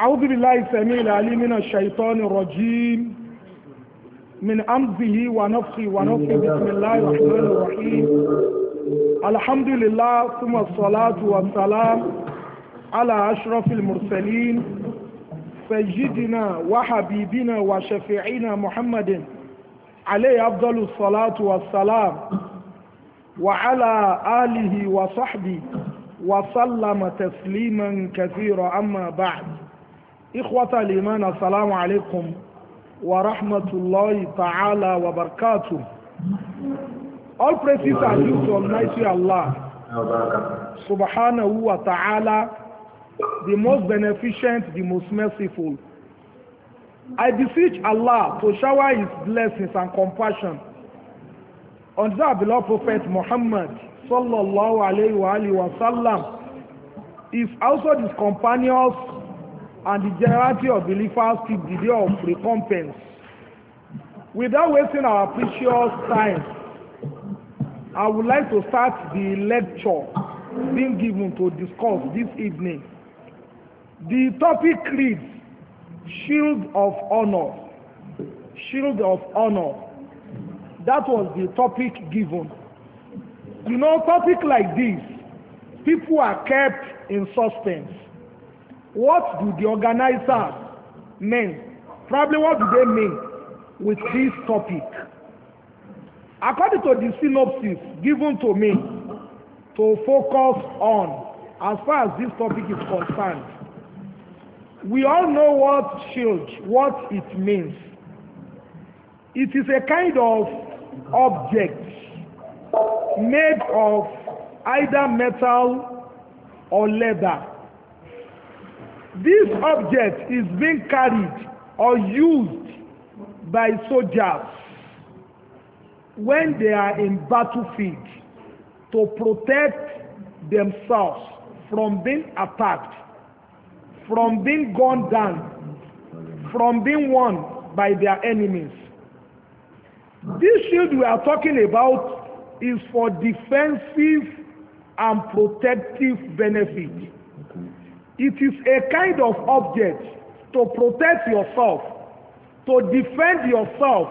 أعوذ بالله السميع العليم من الشيطان الرجيم من أمزه ونفخه ونفخه بسم الله الرحمن الرحيم الحمد لله ثم الصلاة والسلام على أشرف المرسلين سيدنا وحبيبنا وشفيعنا محمد عليه أفضل الصلاة والسلام وعلى آله وصحبه وسلم تسليما كثيرا أما بعد إخوة الإيمان السلام عليكم ورحمة الله تعالى وبركاته. all praises are due to almighty allah subhanahu wa ta'ala the most beneficent the most merciful i beseech allah to shower his blessings and compassion on the beloved prophet muhammad sallallahu alaihi wa sallam is also his companions and the generality of believers keep the day of recompense. Without wasting our precious time, I would like to start the lecture being given to discuss this evening. The topic reads Shield of Honor. Shield of Honor. That was the topic given. You know, topic like this, people are kept in suspense What do the organizers mean? Probably what do they mean with this topic? According to the synopsis given to me to focus on as far as this topic is concerned, we all know what shield, what it means. It is a kind of object made of either metal or leather This object is being carried or used by soldiers when they are in battlefield to protect themselves from being attacked, from being gunned down, from being won by their enemies. This shield we are talking about is for defensive and protective benefit. It is a kind of object to protect yourself, to defend yourself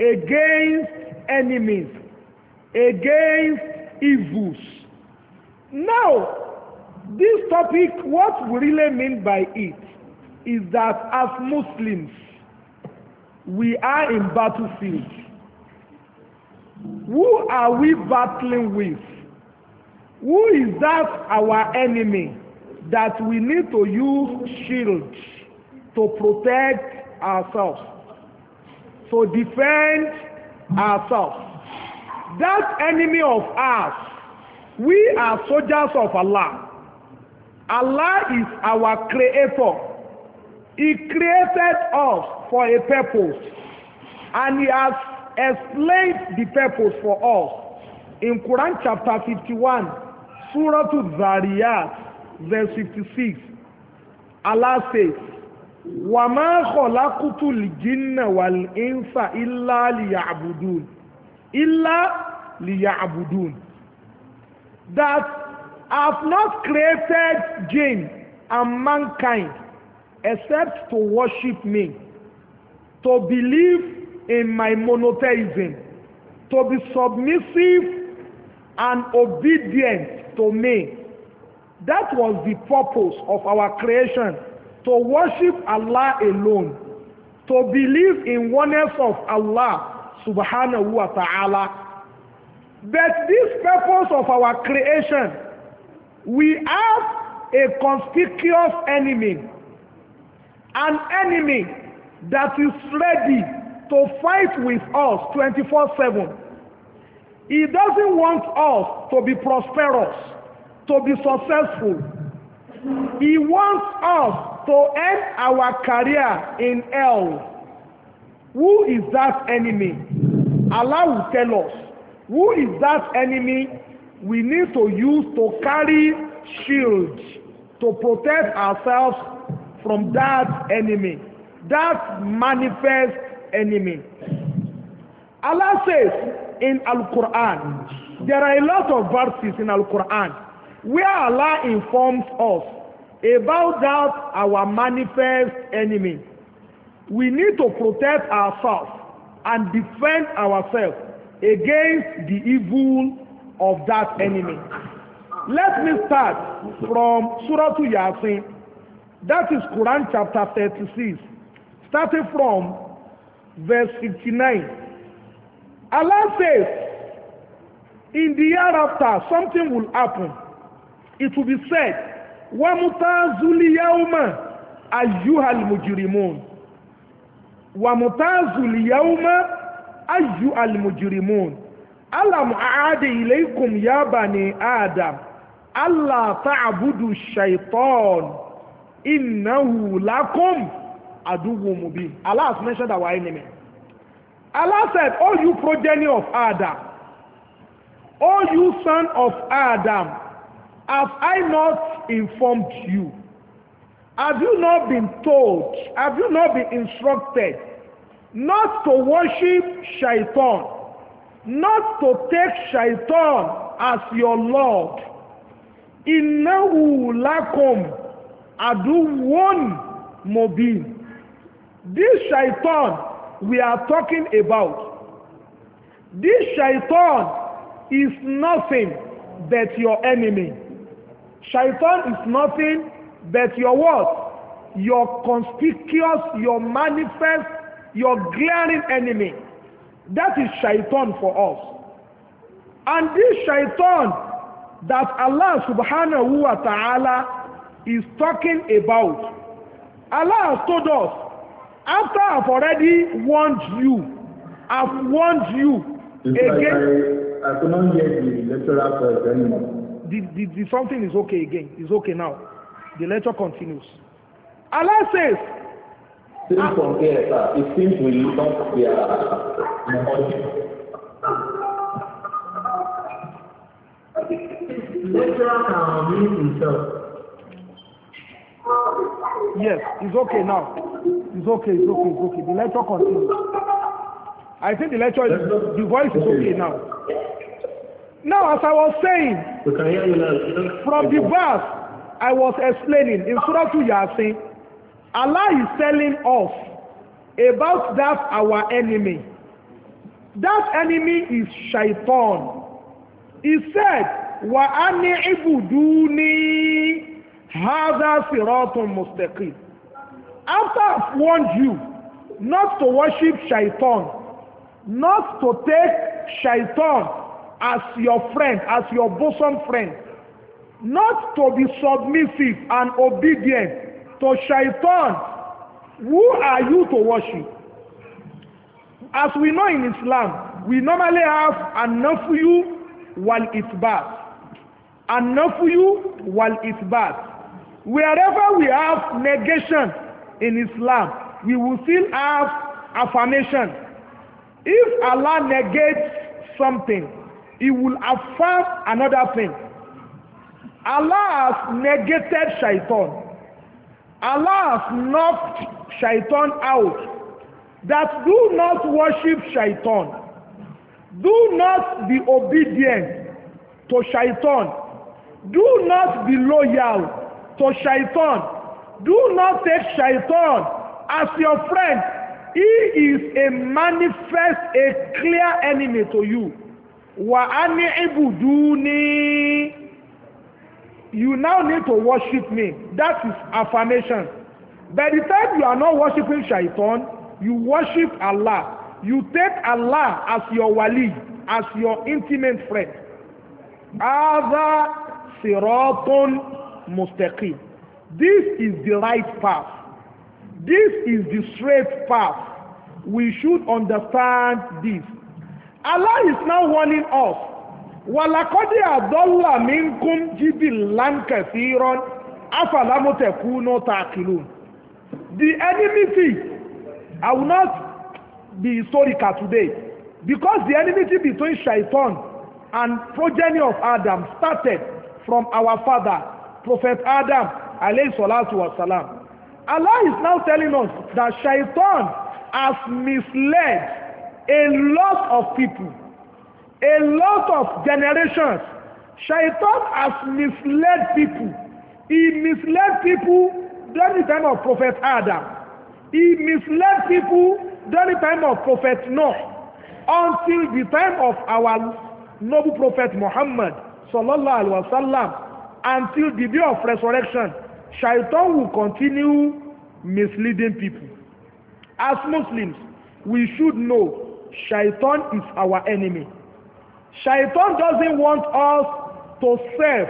against enemies, against evils. Now, this topic, what we really mean by it is that as Muslims, we are in battlefield. Who are we battling with? Who is that our enemy? that we need to use shields to protect ourselves, to defend ourselves. That enemy of ours, we are soldiers of Allah. Allah is our creator. He created us for a purpose, and He has explained the purpose for us in Quran chapter fifty one, Surah to Zariyat, verse fifty six Allah says wà máa kọ̀ lákùtù lìjìnnà wà ìnsà ilá that I have not created jinn and mankind except to worship me to believe in my monotheism to be submissive and obedient to me That was the purpose of our creation to worship Allah alone, to believe in oneness of Allah subhanahu wa ta'ala. But this purpose of our creation, we have a conspicuous enemy, an enemy that is ready to fight with us 24 7. He doesn't want us to be prosperous to be successful. He wants us to end our career in hell. Who is that enemy? Allah will tell us. Who is that enemy we need to use to carry shield to protect ourselves from that enemy, that manifest enemy. Allah says in Al Quran, there are a lot of verses in Al Quran where Allah informs us about that our manifest enemy, we need to protect ourselves and defend ourselves against the evil of that enemy. Let me start from Surah to Yasin. That is Quran chapter thirty-six, starting from verse fifty-nine. Allah says, in the year after, something will happen it will be said wàmútàzúlì yauma ayyuhal mujrimun wàmútàzúlì yauma ayyuhal almujrimun. alam a'ade ilaykum ya bani adam allah ta'budu shaitan innahu lakum aduwu mubin allah has mentioned our enemy allah said all you progeny of adam all you son of adam Have I not informed you? Have you not been told? Have you not been instructed not to worship Shaitan, not to take Shaitan as your Lord? Innahu lakum aduwwun mubin. This Shaitan we are talking about, this Shaitan is nothing but your enemy. Shaitan is nothing but your what? Your conspicuous, your manifest, your glaring enemy. That is Shaitan for us. And this Shaitan that Allah subhanahu wa ta'ala is talking about, Allah has told us, after I've already warned you, I've warned you again. I, I, I cannot hear the lecturer anymore the, the, the something is okay again is okay now the lecture continues Allah says since ah. from here sir it seems we don't be lecturer can mute Yes, it's okay now. It's okay, it's okay, it's okay. The lecture continues. I think the lecture is, the voice is okay now. Now, as I was saying, from the verse I was explaining in Surah to Yasin, Allah is telling us about that our enemy. That enemy is Shaitan. He said, وَأَنِ عِبُدُونِي هَذَا صِرَاطٌ مُسْتَقِيمٌ After I've warned you not to worship Shaitan, not to take Shaitan as your friend, as your bosom friend, not to be submissive and obedient to shaitan. Who are you to worship? As we know in Islam, we normally have an while bad, an itbat. while wal bad. Wherever we have negation in Islam, we will still have affirmation. If Allah negates something, He will affirm another thing. Allah has negated shaitan. Allah has knocked shaitan out. That do not worship shaitan. Do not be obedient to shaitan. Do not be loyal to shaitan. Do not take shaitan as your friend. He is a manifest, a clear enemy to you wà á ní ibùdú ní you now need to worship me that is affirmation by the time you are not worshiping shaitan you worship Allah you take Allah as your wali as your intimate friend hadha siratun Mustaqi. this is the right path this is the straight path we should understand this Allah is now warning us wàlàkọ́dé àdọ́là mi ń kún jíbi láǹkẹ̀ sí irọ́ afàlámọ́tẹ̀kú náà ta kìlú the enmity I will not be historical today because the enmity between shaitan and progeny of Adam started from our father Prophet Adam alayhi salatu Allah is now telling us that shaitan has misled a lot of people, a lot of generations, Shaitan has misled people. He misled people during the time of Prophet Adam. He misled people during the time of Prophet Noah until the time of our noble Prophet Muhammad sallallahu alaihi wasallam until the day of resurrection. Shaitan will continue misleading people. As Muslims, we should know Shaitan is our enemy. Shaitan doesn't want us to serve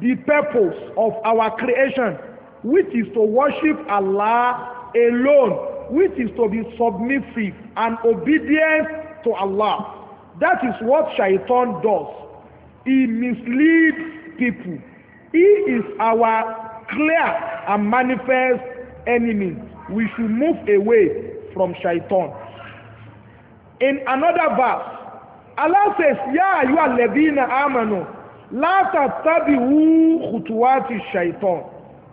the purpose of our creation, which is to worship Allah alone, which is to be submissive and obedient to Allah. That is what Shaitan does. He misleads people. He is our clear and manifest enemy. We should move away from Shaitan in another verse Allah says ya ayu alladhina amanu la tattabi'u khutuwati shaitan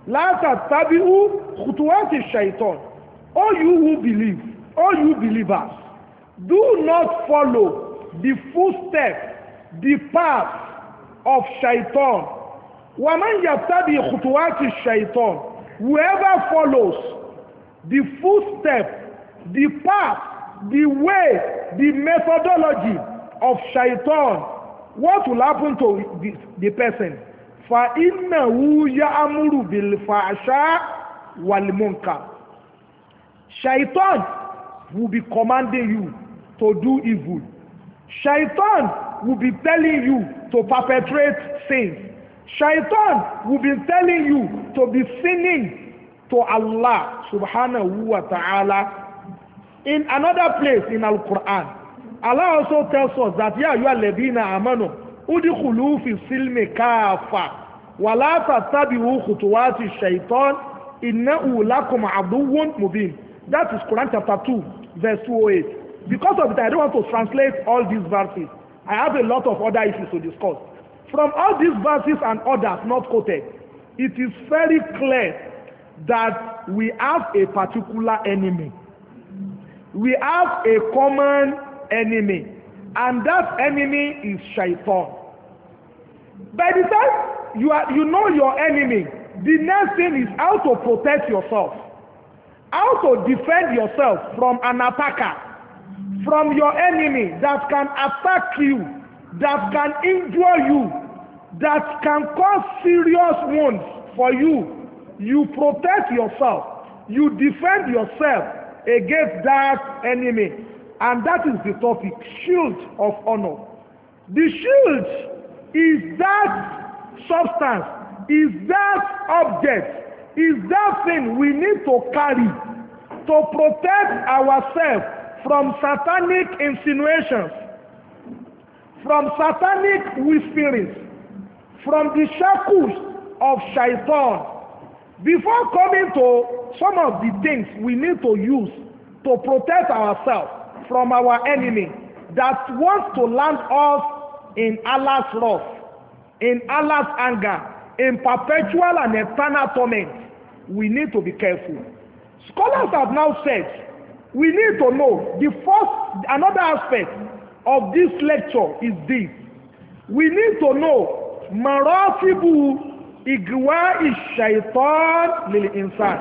la tattabi'u khutuwati shaitan All you who believe all you believers do not follow the footsteps the path of shaitan waman yattabi khutuwati shaitan whoever follows the footsteps the path the way the methodology of shaitan what will happen to the, the person fa innahu ya'muru bil fahsha wal munkar shaitan will be commanding you to do evil shaitan will be telling you to perpetrate sins shaitan will be telling you to be sinning to Allah subhanahu wa ta'ala In another place in Al-Quran, Allah also tells us that Ya ayyuha alladhina amanu udkhulu fi silmi kafa wa tattabi'u khutuwati shaitan innahu lakum aduwwun mubin. That is Quran chapter 2 verse 208. Because of it, I don't want to translate all these verses. I have a lot of other issues to discuss. From all these verses and others not quoted, it is very clear that we have a particular enemy we have a common enemy and that enemy is shaitan by the time you are you know your enemy the next thing is how to protect yourself how to defend yourself from an attacker from your enemy that can attack you that can injure you that can cause serious wounds for you you protect yourself you defend yourself against that enemy. And that is the topic, shield of honor. The shield is that substance, is that object, is that thing we need to carry to protect ourselves from satanic insinuations, from satanic whisperings, from the shackles of shaitan, Before coming to some of the things we need to use to protect ourselves from our enemy that wants to land us in Allah's wrath, in Allah's anger, in perpetual and eternal torment, we need to be careful. Scholars have now said we need to know the first another aspect of this lecture is this we need to know maratibu ìgbìwá ìṣàìtọ́n lil insan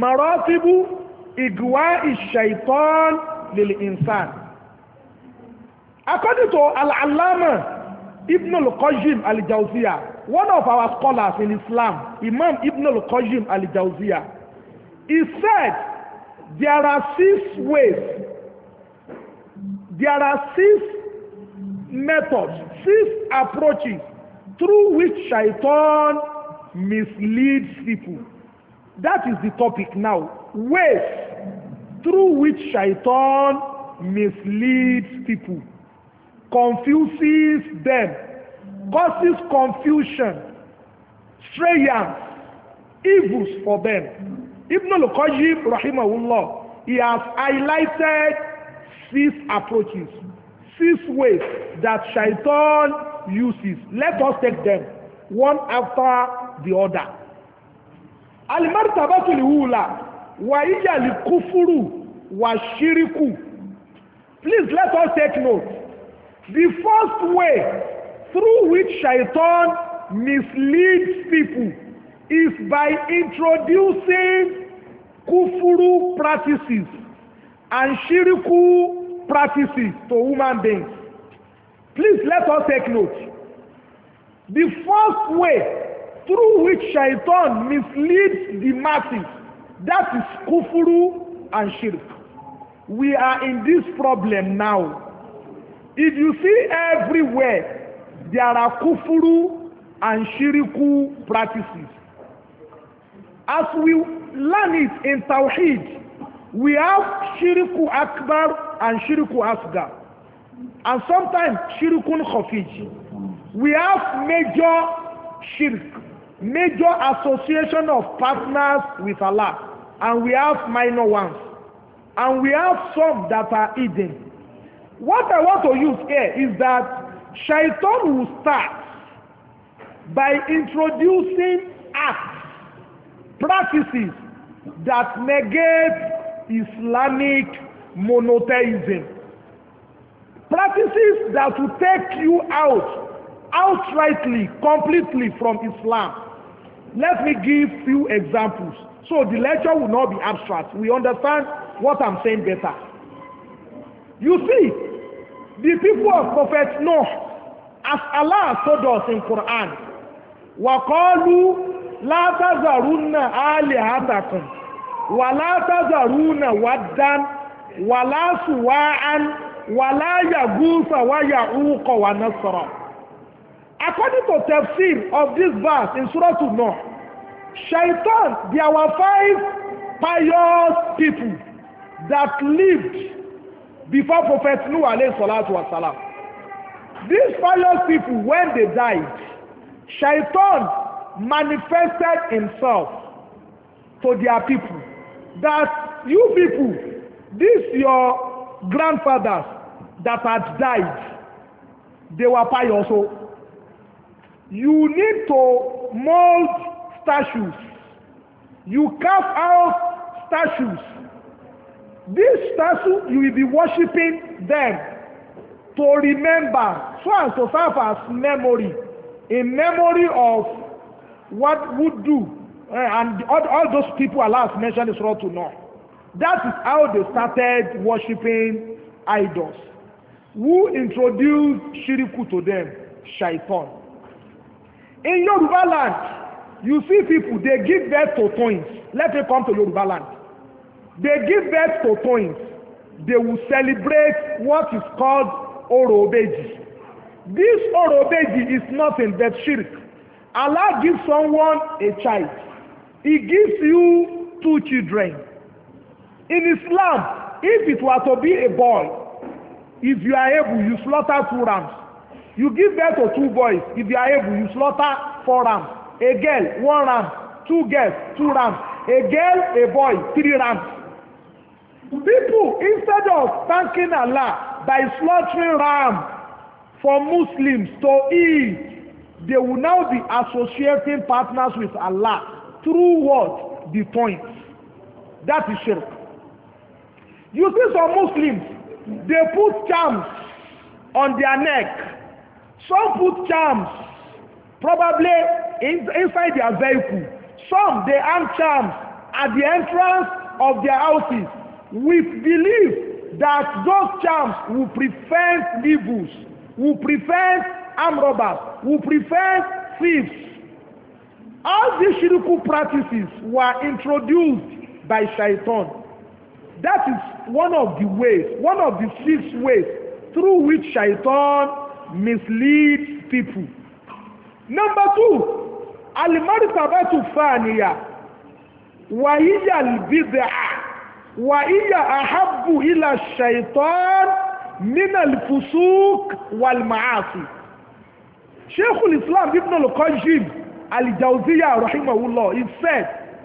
marọ́tíbù ìgbìwá ìṣàìtọ́n lil insan according to al-allama ibn al-qayyim al-jawziya one of our scholars in islam imam ibn al-qayyim al-jawziya he said there are six ways there are six methods six approaches through which shaitan misleads people. That is the topic now. Ways through which shaitan misleads people, confuses them, causes confusion, strayance, evils for them. Ibn al-Qayyim, rahimahullah, he has highlighted six approaches, six ways that shaitan uses let us take them one after the other. alimartaba tuli wula wa iyali kufuru wa shiriku please let us take note the first way through which shaitan misleads people is by introducing kufuru practices and shiriku practices to human beings Please let us take note. The first way through which shaitan misleads the masses, that is kufuru and shirk. We are in this problem now. If you see everywhere, there are kufuru and shiriku practices. As we learn it in tawhid, we have shiriku akbar and shiriku asgar and sometimes shirkun khafij we have major shirk major association of partners with Allah and we have minor ones and we have some that are hidden what I want to use here is that shaitan will start by introducing acts practices that negate Islamic monotheism Practices that will take you out, outrightly, completely from Islam. Let me give few examples. So the lecture will not be abstract. We understand what I'm saying better. You see, the people of Prophet Noah, as Allah told us in Quran, وَقَالُوا latazaruna تَذَرُنَّ آلِهَتَكُمْ وَلَا تَذَرُنَّ وَدًّا wàláyà gúúsà wáyà òwúkọ̀ wà náà sọ̀rọ̀. According to tafsir of this verse in Surah to Nuh, Shaitan, be our five pious people that lived before Prophet Nuh alayhi salatu wa salam. These pious people, when they died, Shaitan manifested himself to their people. That you people, this your grandfathers, that had died, they were pious. So you need to mold statues. You carve out statues. These statues, you will be worshiping them to remember, so as to serve as memory, in memory of what would do. Uh, and all, all, those people Allah has mentioned is wrong to know. That is how they started worshiping idols who introduced shiriku to them shaitan in yoruba land you see people dey give birth to twins let me come to yoruba land they give birth to twins they will celebrate what is called orobeji this orobeji is nothing but shirk allah gives someone a child he gives you two children in islam if it were to be a boy If you are able, you slaughter two rams. You give birth to two boys. If you are able, you slaughter four rams. A girl, one ram. Two girls, two rams. A girl, a boy, three rams. People, instead of thanking Allah by slaughtering ram for Muslims to eat, they will now be associating partners with Allah through what? The point. That is shirk. You see some Muslims, They put charms on their neck. Some put charms probably in, inside their vehicle. Some, they hang charms at the entrance of their houses with belief that those charms will prevent evils, will prevent armed robbers, will prevent thieves. All these shirku practices were introduced by shaitan. That is one of the ways, one of the six ways through which shaitan misleads people. Number two, al-maritabatu faniya wa hiya al wa hiya ahabbu ila shaitan min alfusuk fusuq wal ma'asi. Sheikhul Islam Ibn al-Qayyim al-Jawziyya rahimahullah he said,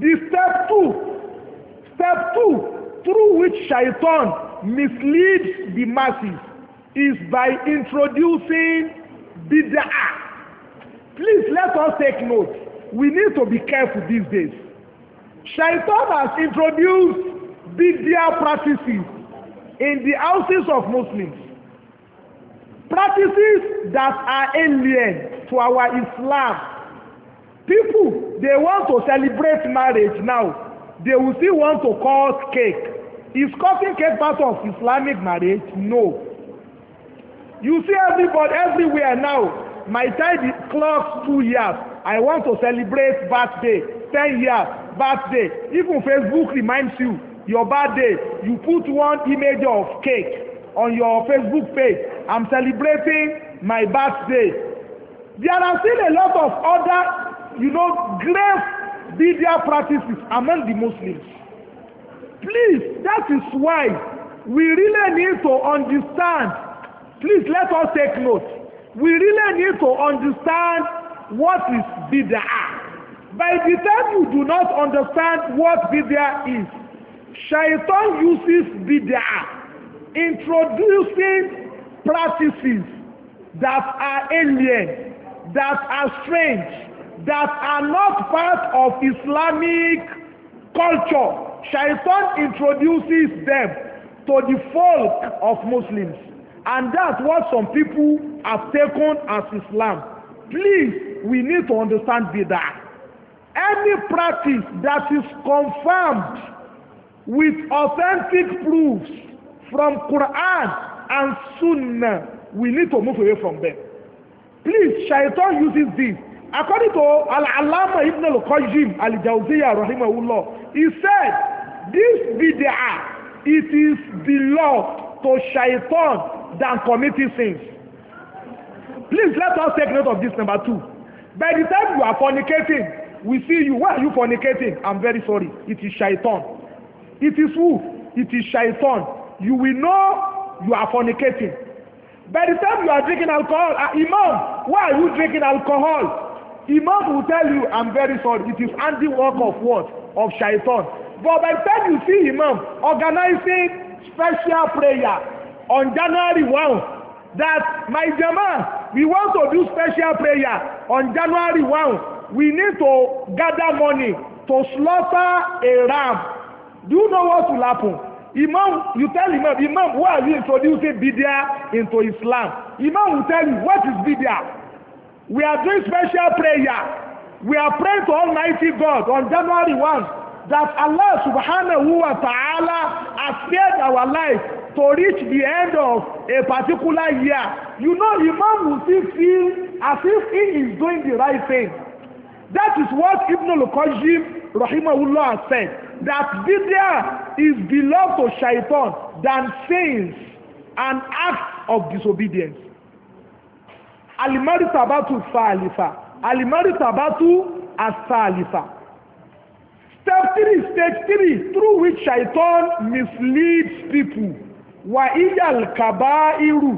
the step two Step two, through which Shaitan misleads the masses, is by introducing bid'ah. Please let us take note. We need to be careful these days. Shaitan has introduced bid'ah practices in the houses of Muslims. Practices that are alien to our Islam. People, they want to celebrate marriage now They will still want to cut cake. Is cutting cake part of Islamic marriage? No. You see everybody everywhere now. My child clocks two years. I want to celebrate birthday. Ten years, birthday. Even Facebook reminds you your birthday. You put one image of cake on your Facebook page. I'm celebrating my birthday. There are still a lot of other, you know, grave bidia practices among the Muslims. Please, that is why we really need to understand. Please let us take note. We really need to understand what is bidah. By the time you do not understand what bidah is, Shaitan uses bidah, introducing practices that are alien, that are strange, that are not part of Islamic culture. Shaitan introduces them to the folk of Muslims. And that's what some people have taken as Islam. Please, we need to understand Bidah. Any practice that is confirmed with authentic proofs from Quran and Sunnah, we need to move away from them. Please, Shaitan uses this According to Al-Allama Ibn Al-Qayyim Al-Jawziyya rahimahullah, he said, this bid'ah, it is the law to shaitan than committing sins. Please let us take note of this number two. By the time you are fornicating, we see you. Why are you fornicating? I'm very sorry. It is shaitan. It is who? It is shaitan. You will know you are fornicating. By the time you are drinking alcohol, uh, Imam, why are you drinking alcohol? Imam will tell you, I'm very sorry, it is anti-work of what? Of shaitan. But by the time you see Imam organizing special prayer on January 1, that my Jama, we want to do special prayer on January 1. We need to gather money to slaughter a ram. Do you know what will happen? Imam, you tell Imam, Imam, why are you introducing Bidya into Islam? Imam will tell you, what is Bidya? We are doing special prayer. We are praying to Almighty God on January 1 that Allah subhanahu wa ta'ala has spared our life to reach the end of a particular year. You know, Imam will still feel as if he is doing the right thing. That is what Ibn al-Qajim rahimahullah said. That bid'ah is beloved to shaitan than sins and acts of disobedience alimari tabatu fàlìfà alimari tabatu asàlìfà step three stage three through which shaitan misleads people wa iyal kabairu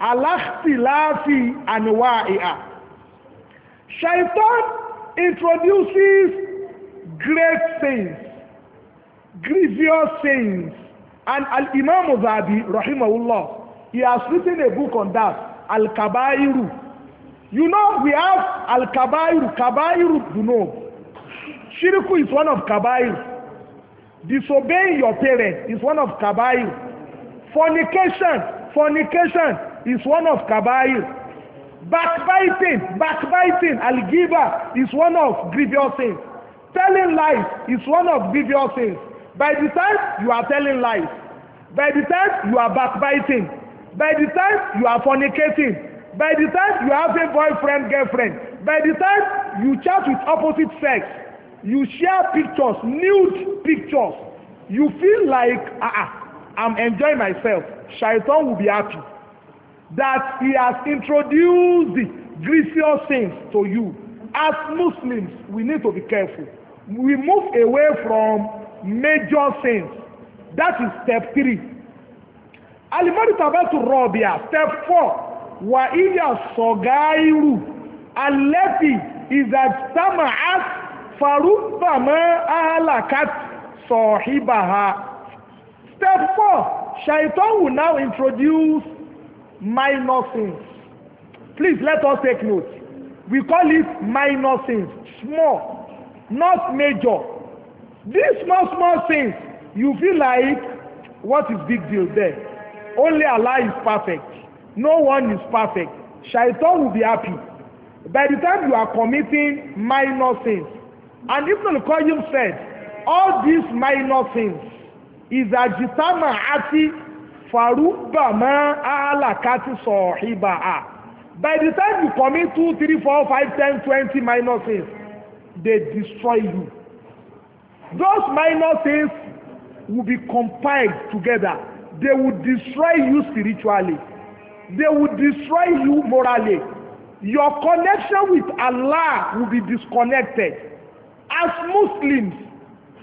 alakhtilafi anwa'iha shaitan introduces great sins grievous sins and al-imam zabi rahimahullah he has written a book on that al-kabairu You know, we have Al-Kabairu, Kabairu Dunub. Shiriku is one of Kabairu. Disobeying your parents is one of Kabairu. Fornication, fornication is one of Kabairu. Backbiting, backbiting, Al-Giba is one of grievous sins. Telling lies is one of grievous sins. By the time you are telling lies, by the time you are backbiting, by the time you are fornicating, By the time you have a boyfriend, girlfriend, by the time you chat with opposite sex, you share pictures, nude pictures, you feel like, ah, ah I'm enjoying myself. Shaitan will be happy that he has introduced grievous things to you. As Muslims, we need to be careful. We move away from major sins. That is step three. Alimari Tabatu Rabia, step four wà ìyà sọ̀gáìrù alẹ́tì ìzàtàmà át farúbàmọ́ ahalakat sọ̀híbàhá. step four shaitan will now introduce minor sins please let us take note we call it minor sins small not major these small small sins you feel like what is big deal there only Allah is perfect No one is perfect. Shaitan will be happy. By the time you are committing minor sins, and Ibn al-Qayyim said, all these minor sins is ajitama ati farubama alakati sohiba'a. By the time you commit two, three, four, five, ten, twenty minor sins, they destroy you. Those minor sins will be compiled together. They will destroy you spiritually they will destroy you morally. Your connection with Allah will be disconnected. As Muslims,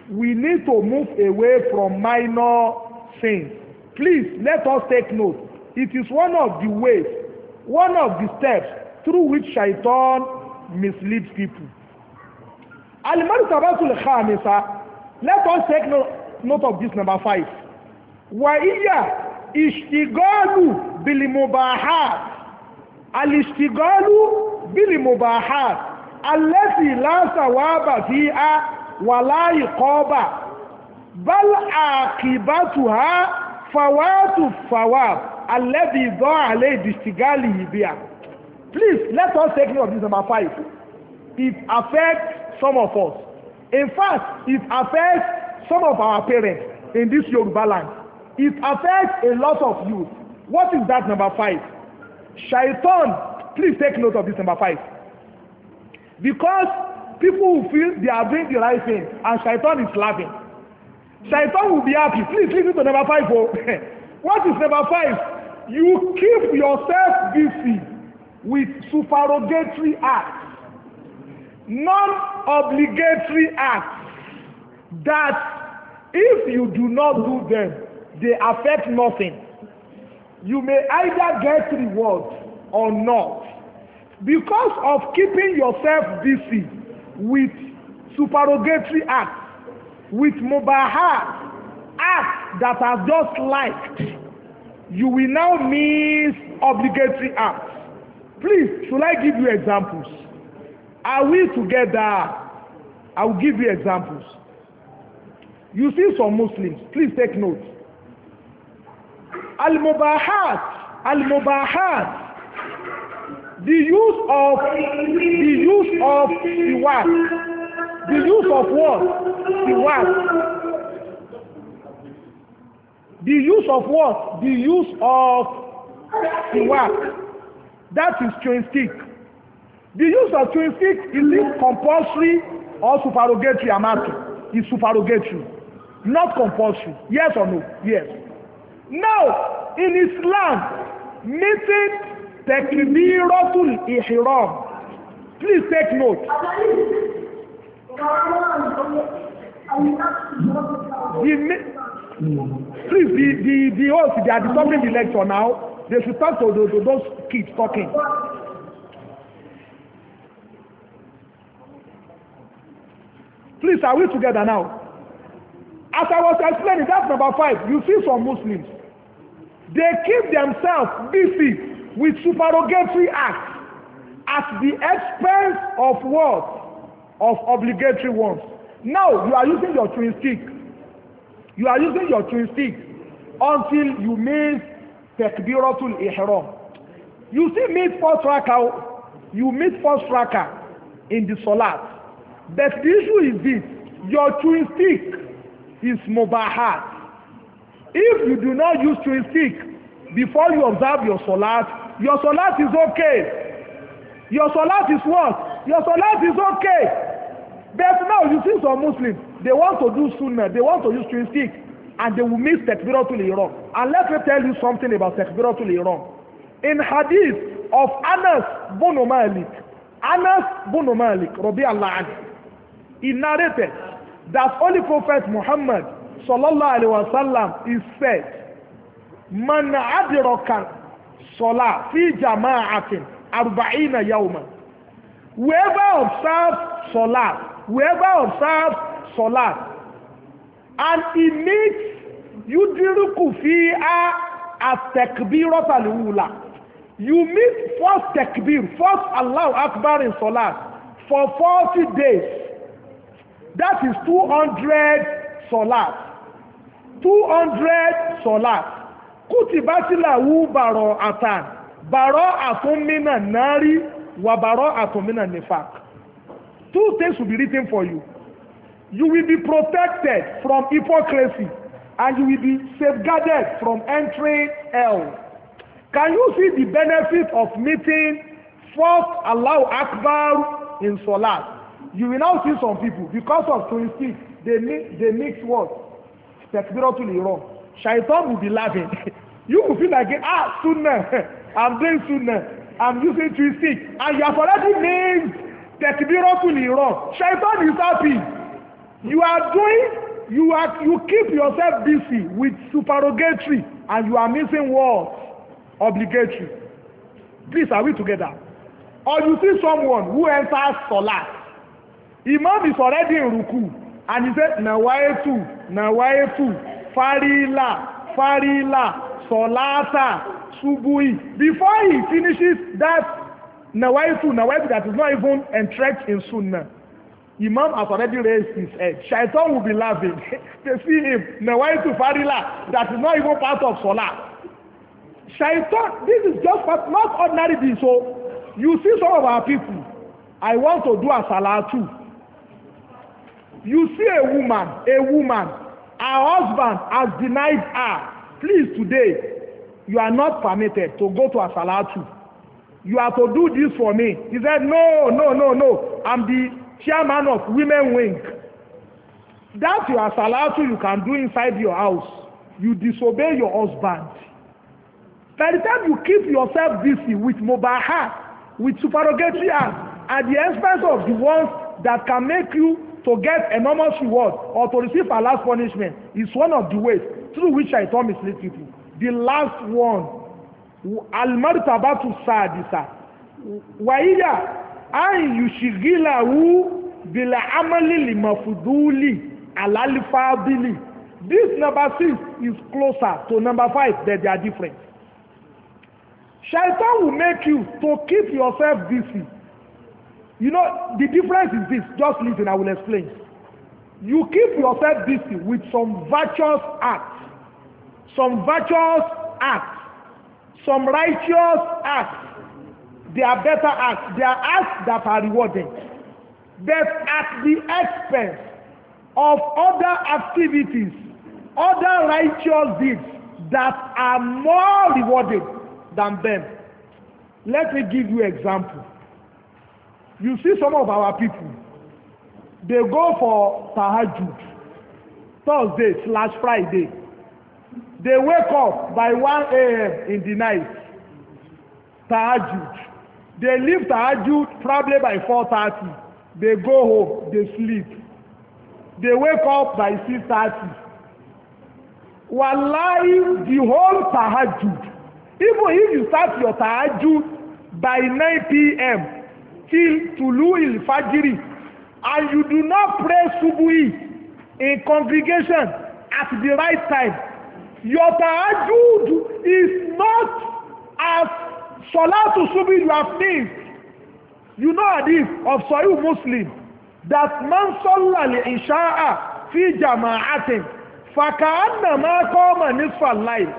we need to move away from minor sins. Please let us take note. It is one of the ways, one of the steps through which shaitan misleads people. Al-Imam Tabatul Khamisa, let us take note, note of this number five. Wa iya ishtigalu bilimubahat alistigalu bilimubahat alẹ́sì lásàwábà tí a wà láì kọ́ọ́bà bal àkìbátù ha fawátù fawab alẹ́bí gbọ́ àlẹ́ ìdìstigali ìbíà please let us take note of this number five it affects some of us in fact it affects some of our parents in this Yoruba land it affects a lot of youth What is that number five? Shaitan, please take note of this number five. Because people will feel they are doing the right thing and Shaitan is laughing. Shaitan will be happy. Please listen to number five. Oh. what is number five? You keep yourself busy with supererogatory acts, non-obligatory acts that if you do not do them, they affect nothing you may either get reward or not because of keeping yourself busy with supererogatory acts with mubahat acts that are just liked you will now miss obligatory acts please should i give you examples are we together i will give you examples you see some muslims please take note al-mubahat al-mubahat the use of the use of the word the use of what the word the use of what the use of the word that is chewing stick the use of chewing stick is it compulsory or supererogatory amount is supererogatory not compulsory yes or no yes Now, in Islam, meeting takbiratul ihram. Please take note. The, please, the, the, the host, they are disturbing the lecture now. They should talk to those, to those kids talking. Please, are we together now? As I was explaining, that's number five. You see some Muslims, they keep themselves busy with supererogatory acts at the expense of what? Of obligatory ones. Now, you are using your twin stick. You are using your twin stick until you miss takbiratul ihram. You see meet first raka, you meet first raka in the salat. But the issue is this, your twin stick is mubahat. If you do not use stick before you observe your solat, your solat is okay. Your solat is what? Your solat is okay. But now you see some Muslims, they want to do sunnah, they want to use stick, and they will miss takbiratul ihram. And let me tell you something about takbiratul ihram. In hadith of Anas bin Malik, Anas bin Malik, Rabi Allah, he narrated that Holy Prophet Muhammad sallallahu alaihi wasallam, sallam is said man adiraka salah fi jama'atin arba'ina yawman whoever observes solat, whoever observes solat, and he meets yudiruku fi a takbirat al you meet first takbir first Allah Akbar in solat for 40 days that is 200 solat 200 solat kùtìbátìláwù baro atan. Baro àtúnmínà nari wa baro àtúnmínà nefak. two things will be written for you you will be protected from hypocrisy and you will be safeguarded from entering hell can you see the benefit of meeting fourth Allahu Akbar in solat you will now see some people because of twin stick they mix they mix what speculatively wrong shaitan will be laughing you will feel like ah sunnah i'm doing sunnah i'm using twin stick and you have already named speculatively wrong shaitan is happy you are doing you are you keep yourself busy with supererogatory and you are missing what obligatory please are we together or you see someone who enters solar imam is already in ruku and he said nawaitu nawaitu farila farila solata subui before he finishes that nawaitu nawaitu that is not even entrenched in sunnah Imam has already raised his head. Shaitan will be laughing. they see him. Nawaitu Farila. That is not even part of Salah. Shaitan, this is just part, not ordinary thing. So, you see some of our people. I want to do a Salah too. You see a woman, a woman, her husband has denied her. Please today, you are not permitted to go to Asalatu. You are to do this for me. He said, no, no, no, no. I'm the chairman of Women Wing. That your Asalatu you can do inside your house. You disobey your husband. By the time you keep yourself busy with mubaha, with supererogatory acts, at the expense of the ones that can make you to get enormous reward or to receive last punishment is one of the ways through which shaitan misleads people. The last one, Al-Martabatu Sadisa. Wàyíyà, àyìn yùṣìgìláwú bìlà amali limafuduli alalifabili. This number six is closer to number five but they are different. Shaitan will make you to keep yourself busy You know, the difference is this. Just listen, I will explain. You keep yourself busy with some virtuous acts, some virtuous acts, some righteous acts. They are better acts. They are acts that are rewarding. But at the expense of other activities, other righteous deeds that are more rewarding than them. Let me give you example. You see some of our people, they go for tahajjud, Thursday slash Friday. They wake up by one a.m. in the night. Tahajjud. They leave tahajjud probably by four thirty. They go home, they sleep. They wake up by six 6.30. Wallahi, the whole tahajjud. Even if you start your tahajjud by nine p.m., till tulu ilfajiri and you do not pray subuhi in congregation at the right time your tahajud is not as salatu subuhi you have missed you know hadith of sahih muslim that man salla li isha'a fi jama'atin faka'anna ma qama nisfa al-layl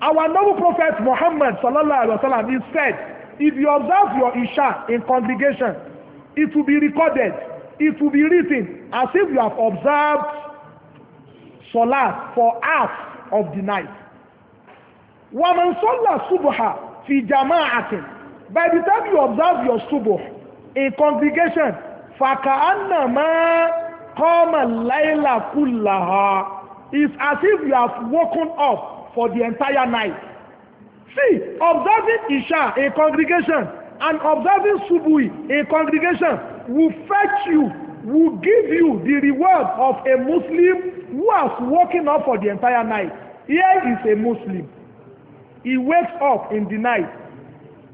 our noble prophet muhammad sallallahu alaihi wasallam he said if you observe your Isha in congregation, it will be recorded, it will be written as if you have observed Salah for half of the night. وَمَنْ صَلَّى صُبْحَ فِي جَمَاعَةٍ By the time you observe your subuh in congregation, فَكَأَنَّمَا قَامَ اللَّيْلَ كُلَّهَا is as if you have woken up for the entire night. See, observing Isha, a congregation, and observing Subui, a congregation, will fetch you, will give you the reward of a Muslim who has woken up for the entire night. Here is a Muslim. He wakes up in the night.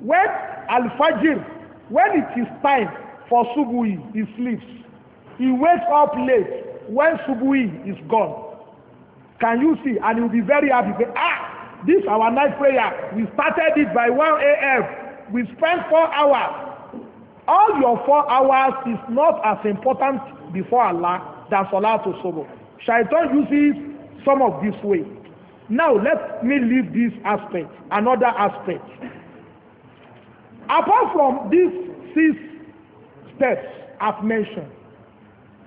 When Al-Fajr, when it is time for Subui, he sleeps. He wakes up late when Subui is gone. Can you see? And he will be very happy. Ah! This our night prayer, we started it by 1 a.m. We spent four hours. All your four hours is not as important before Allah than Salah to Sobor. Shaitan uses some of this way. Now let me leave this aspect, another aspect. Apart from these six steps I've mentioned,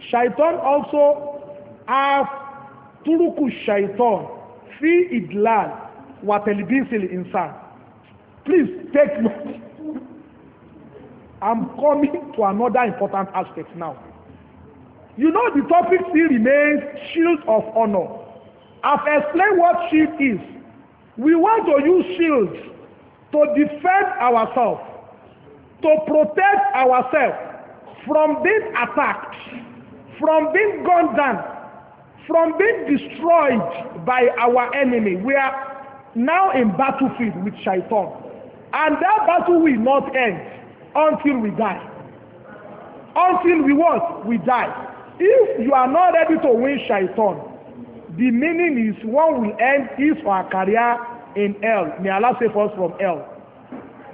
Shaitan also have turuku shaitan, fi idlal, watelibisili inside? please take note i'm coming to another important aspect now you know the topic still remains shield of honor i've explained what shield is we want to use shield to defend ourselves to protect ourselves from being attacked from being gunned down from being destroyed by our enemy we are now in battlefield with shaitan and that battle will not end until we die until we what we die if you are not ready to win shaitan the meaning is one will end his or her career in hell may allah save us from hell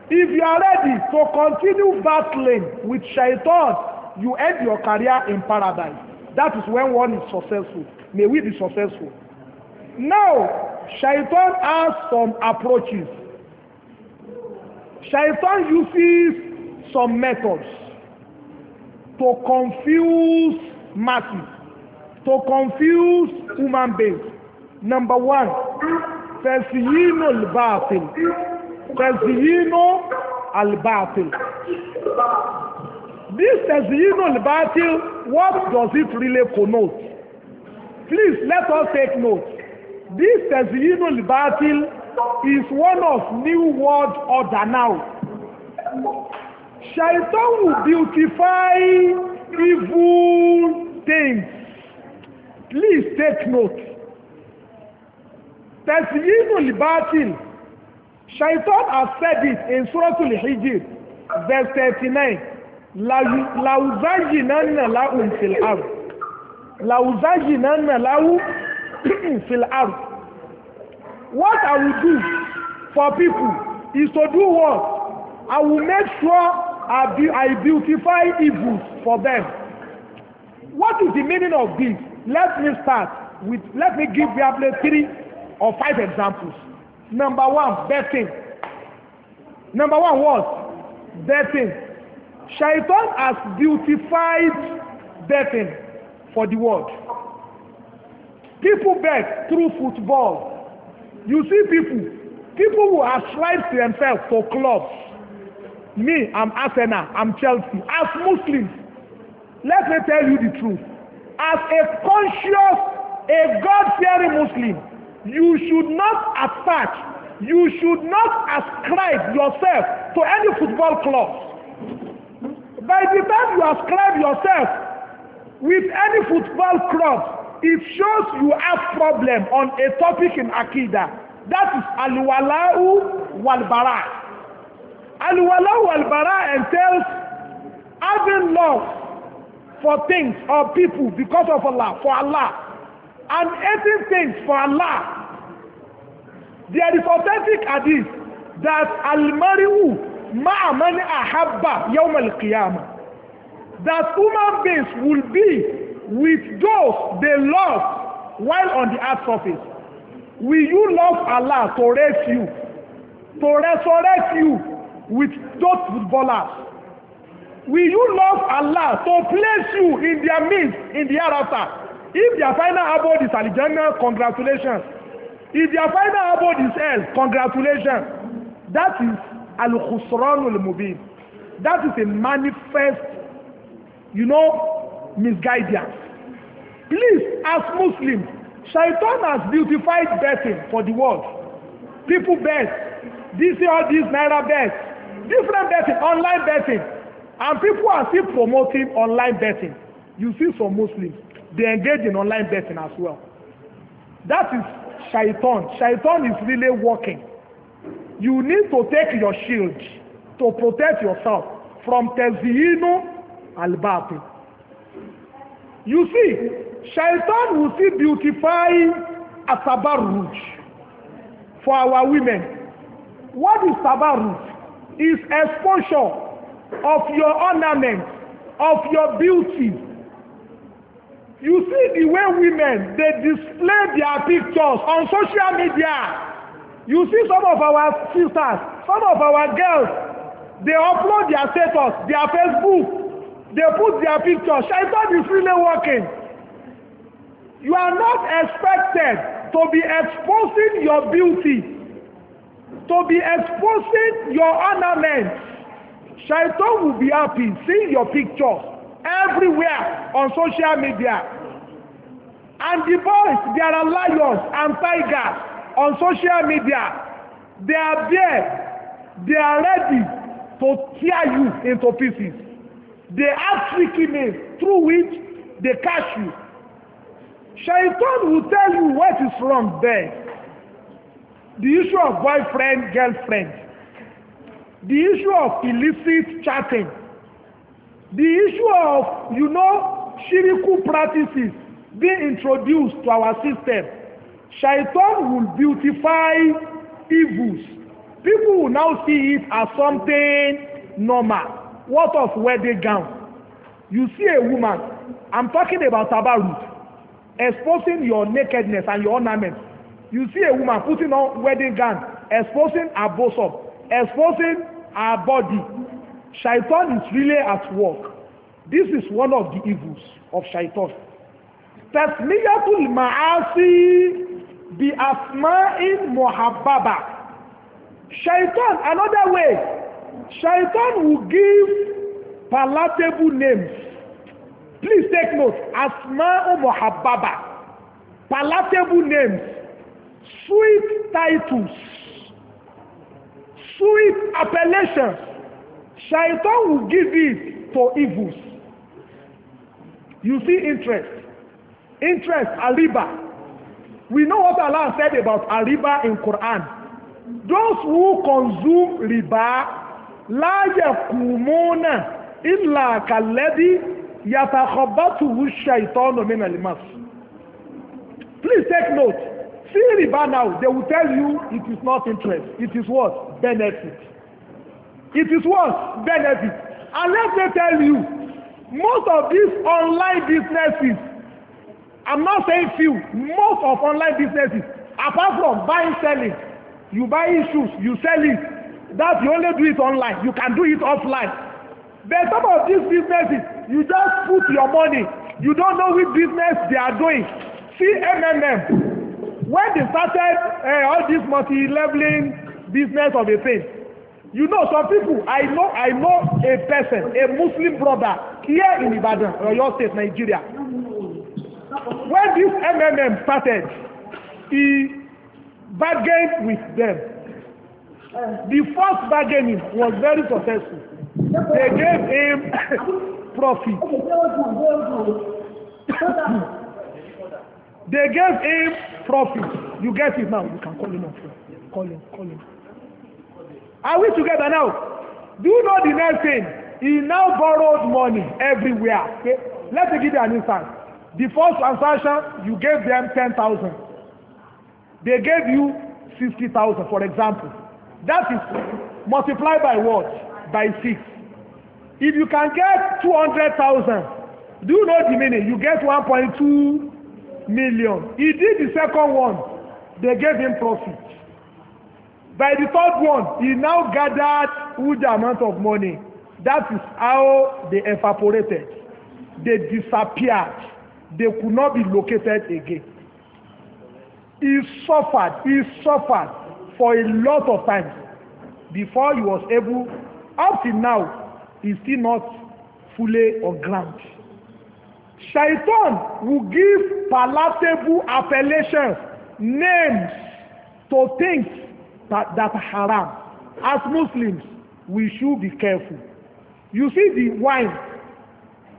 if you are ready to continue battling with shaitan you end your career in paradise that is when one is successful may we be successful Now, shaitan has some approaches. Shaitan uses some methods to confuse masses, to confuse human beings. Number one, تزيينو الباطل تزيينو الباطل This تزيينو الباطل, what does it really connote? Please let us take note. This Taziyinul battle. is one of new world order now. Shaitan will beautify evil things. Please take note. Taziyinul battle. Shaitan has said it in Surah Al-Hijr, verse 39. لَوْزَيِّنَنَّ لَهُمْ فِي الْأَرْضِ لَوْزَيِّنَنَّ لَهُمْ Fill out. what i will do for people is to do what i will make sure i, be, I beautify evils for them what is the meaning of this let me start with let me give you three or five examples number one betting number one was betting shaitan has beautified betting for the world People beg through football. You see people, people who ascribe to themselves for clubs. Me, I'm Arsenal, I'm Chelsea. As Muslims, let me tell you the truth. As a conscious, a God-fearing Muslim, you should not attach, you should not ascribe yourself to any football club. By the time you ascribe yourself with any football club, it shows you have problem on a topic in Akida. That is al Walbara. wal Walbara entails having love for things or people because of Allah, for Allah, and hating things for Allah. There is authentic hadith that Al-Mari'u ma'amani ahabba yawm al-qiyamah. That human beings will be with those they love while on the earth surface. Will you love Allah to raise you, to resurrect you with those footballers? Will you love Allah to place you in their midst in the hereafter? If their final abode is al congratulations. If their final abode is hell, congratulations. That is Al-Khusranul Mubin. That is a manifest, you know, misguidance. Please, as Muslims, Shaitan has beautified betting for the world. People bet. This all this Naira bet. Different betting, online betting. And people are still promoting online betting. You see some Muslims, they engage in online betting as well. That is Shaitan. Shaitan is really working. You need to take your shield to protect yourself from Tezino al You see, shaitan will see beautifying as tabarruj for our women. What is tabarruj? Is exposure of your ornament, of your beauty. You see the way women, they display their pictures on social media. You see some of our sisters, some of our girls, they upload their status, their Facebook, They put their picture. Shaitan is really working. You are not expected to be exposing your beauty, to be exposing your ornaments. Shaitan will be happy seeing your picture everywhere on social media. And the boys, there are lions and tigers on social media. They are there. They are ready to tear you into pieces. The have through which they catch you. Shaitan will tell you what is wrong there. The issue of boyfriend, girlfriend. The issue of illicit chatting. The issue of, you know, shiriku practices being introduced to our system. Shaitan will beautify evils. People will now see it as something normal what of wedding gown you see a woman i'm talking about tabarut exposing your nakedness and your ornaments you see a woman putting on wedding gown exposing her bosom exposing her body shaitan is really at work this is one of the evils of shaitan tasmiyatul ma'asi bi asma'in muhabbaba shaitan another way Shaitan will give palatable names. Please take note. Asma'u Muhabbaba. Palatable names. Sweet titles. Sweet appellations. Shaitan will give it for evils. You see interest. Interest, Ariba. We know what Allah said about Ariba in Quran. Those who consume riba láyẹ̀kù múnà ìlà àkàlẹ́bí yàtàkọ̀bátù wúṣà ìtọ́nù mínàlímàs. Please take note see riba now they will tell you it is not interest it is what benefit it is what benefit and let me tell you most of these online businesses I'm not saying few most of online businesses apart from buying selling you buy shoes, you sell it That you only do it online. You can do it offline. But some of these businesses, you just put your money. You don't know which business they are doing. See MMM. When they started uh, all this multi-leveling business of a thing, you know some people, I know, I know a person, a Muslim brother here in Ibadan, or state, Nigeria. When this MMM started, he bargained with them The first bargaining was very successful. They gave him profit. They gave him profit. You get it now. You can call him up. Call him. Call him. Are we together now? Do you know the next thing? He now borrowed money everywhere. Okay? Let me give you an instance. The first transaction, you gave them 10,000. They gave you 60,000, for example. That is multiplied by what? By six. If you can get two hundred thousand, do you know the meaning? You get one point two million. He did the second one. They gave him profit. By the third one, he now gathered huge amount of money. That is how they evaporated. They disappeared. They could not be located again. He suffered. He suffered for a lot of times before he was able up till now he still not fully on ground shaitan will give palatable appellations names to things that, that are haram as muslims we should be careful you see the wine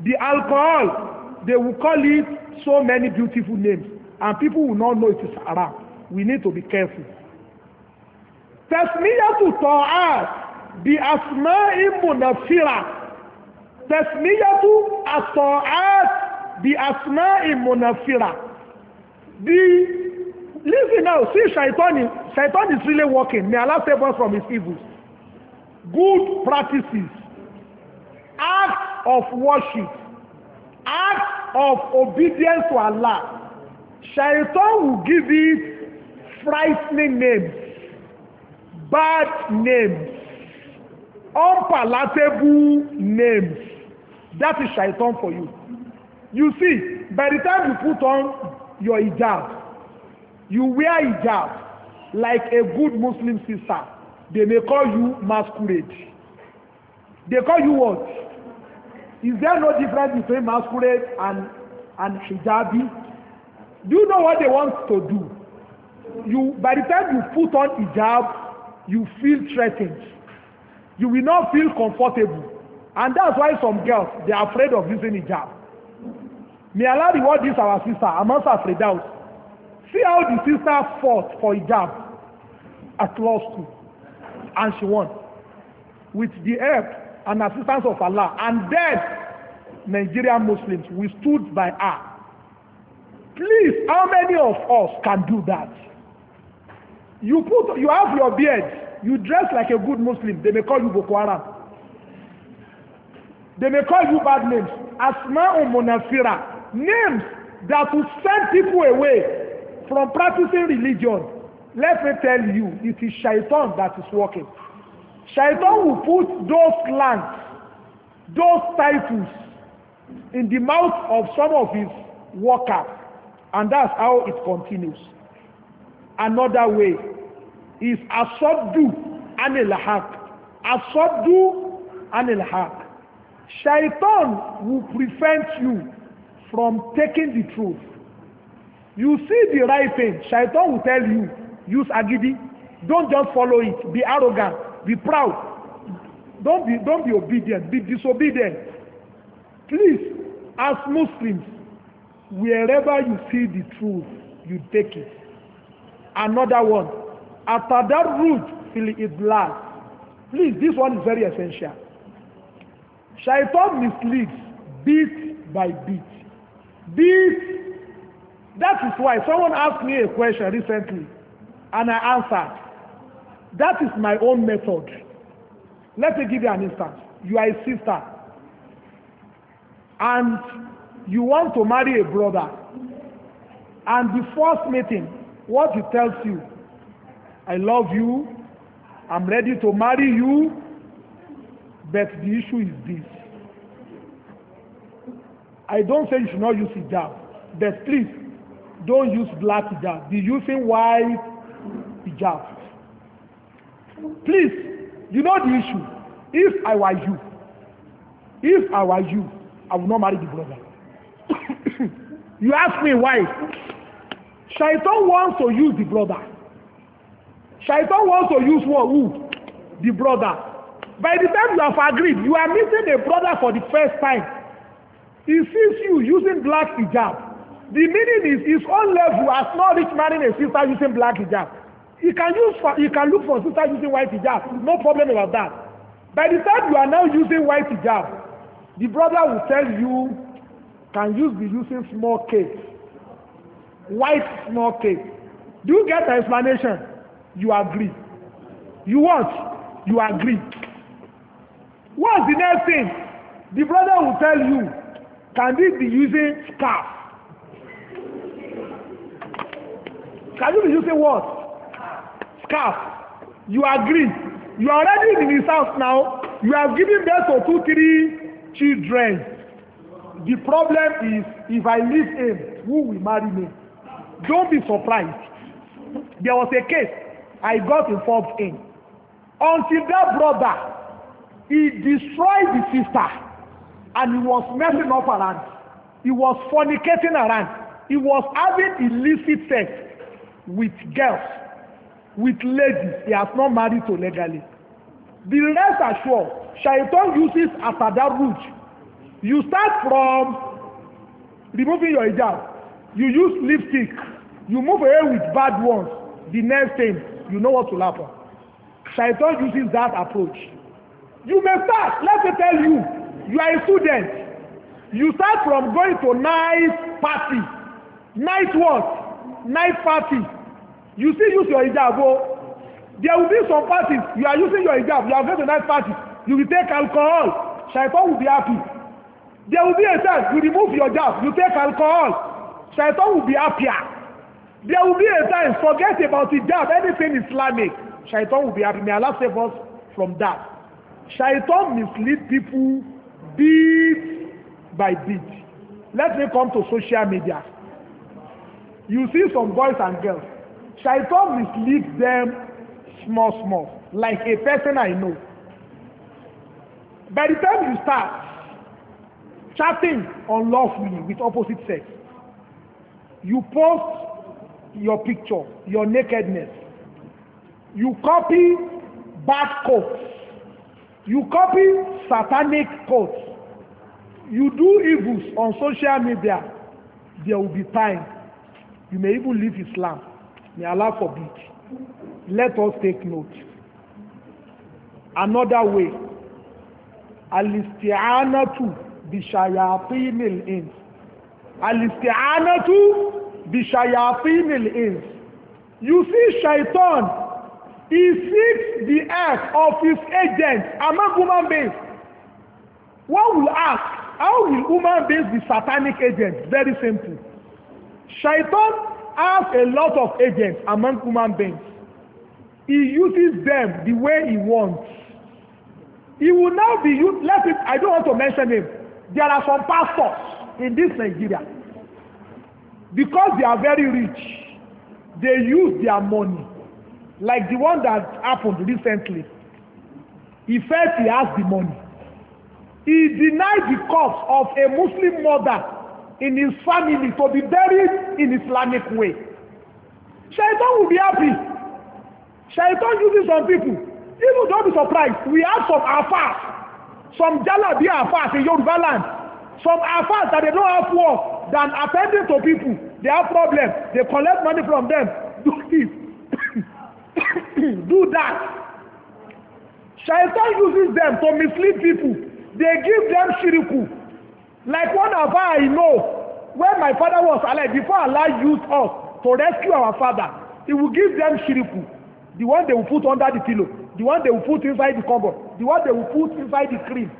the alcohol they will call it so many beautiful names and people will not know it is haram we need to be careful tẹ̀síníyàtù tọ́ á bí asmá ìmùnà fíra tẹ̀síníyàtù àtọ̀ á bí asmá ìmùnà fíra bí listen now see shaitani shaitani is really working may Allah from his evils good practices acts of worship acts of obedience to Allah shaitan will give it frightening names bad names unpalatable names that is shaitan for you you see by the time you put on your hijab you wear hijab like a good muslim sister they may call you masquerade they call you what is there no difference between masquerade and and hijabi do you know what they want to do you by the time you put on hijab you feel threatened. You will not feel comfortable. And that's why some girls, they are afraid of using hijab. May Allah reward this our sister, Amasa her See how the sister fought for hijab at law school. And she won. With the help and assistance of Allah. And then, Nigerian Muslims, we stood by her. Please, how many of us can do that? You put, you have your beard, you dress like a good Muslim, they may call you Boko Haram. They may call you bad names. Asma or Monafira. Names that will send people away from practicing religion. Let me tell you, it is shaitan that is working. Shaitan will put those lands, those titles, in the mouth of some of his workers. And that's how it continues. Another way is asọ́dù anilahak asọ́dù anilahak shaitan will prevent you from taking the truth you see the right thing shaitan will tell you use agidi don't just follow it be arrogant be proud don't be don't be obedient be disobedient please as muslims wherever you see the truth you take it another one After that atadarruj fil idlal please this one is very essential shaitan misleads bit by bit bit that is why someone asked me a question recently and I answered that is my own method let me give you an instance you are a sister and you want to marry a brother and the first meeting what he tells you I love you, I'm ready to marry you, but the issue is this. I don't say you should not use hijab, but please don't use black hijab. Be using white hijab. Please, you know the issue. If I were you, if I were you, I would not marry the brother. you ask me why. Shaitan wants to use the brother Shaitan wants to use what? Who? The brother. By the time you have agreed, you are meeting a brother for the first time. He sees you using black hijab. The meaning is his own level has not reached marrying a sister using black hijab. He can use for, he can look for sister using white hijab. No problem about that. By the time you are now using white hijab, the brother will tell you, can use be using small cake? White small cake. Do you get the explanation? You agree. You what? You agree. What's the next thing? The brother will tell you, can this be using scarf? Can you be using what? Scarf. You agree. You are already in his house now. You have given birth to two, three children. The problem is, if I leave him, who will marry me? Don't be surprised. There was a case I got involved in. Until that brother, he destroyed the sister and he was messing up around. He was fornicating around. He was having illicit sex with girls, with ladies he has not married to legally. The rest assured, Shaitan uses after that route. You start from removing your hijab. You use lipstick. You move away with bad ones. The next thing, you know what to laugh on. Shaitan uses that approach. You may start, let me tell you, you are a student. You start from going to nice party. Nice what? Nice party. You still use your hijab. Oh. There will be some parties. You are using your hijab. You are going to nice party. You will take alcohol. Shaitan will be happy. There will be a time you remove your hijab. You take alcohol. Shaitan will be happier. There will be a time, forget about it, job, anything Islamic. Shaitan will be happy. May Allah save us from that. Shaitan mislead people bit by bit. Let me come to social media. You see some boys and girls. Shaitan mislead them small, small, like a person I know. By the time you start chatting unlawfully with opposite sex, you post your picture, your nakedness. You copy bad codes. You copy satanic codes. You do evils on social media. There will be time. You may even leave Islam. May Allah forbid. Let us take note. Another way. Alisti'anatu bi in. ins. Alisti'anatu bishayafinil is. you see shaitan he seeks the help of his agents among human beings one will ask how will human beings be satanic agents very simple shaitan has a lot of agents among human beings he uses them the way he wants he will now be used let it i don't want to mention him there are some pastors in this nigeria because they are very rich they use their money like the one that happened recently he felt he has the money he denied the corpse of a muslim mother in his family to be buried in islamic way shaitan will be happy shaitan uses some people even don't be surprised we have some afars some jalabi afars in yoruba land some afars that they don't have work than attending to people They have problems. They collect money from them. Do this. Do that. Shaitan uses them to mislead people. They give them shiriku. Like one of our I know, when my father was alive, before Allah used us to rescue our father, he will give them shiriku. The one they will put under the pillow, the one they will put inside the cupboard, the one they will put inside the cream.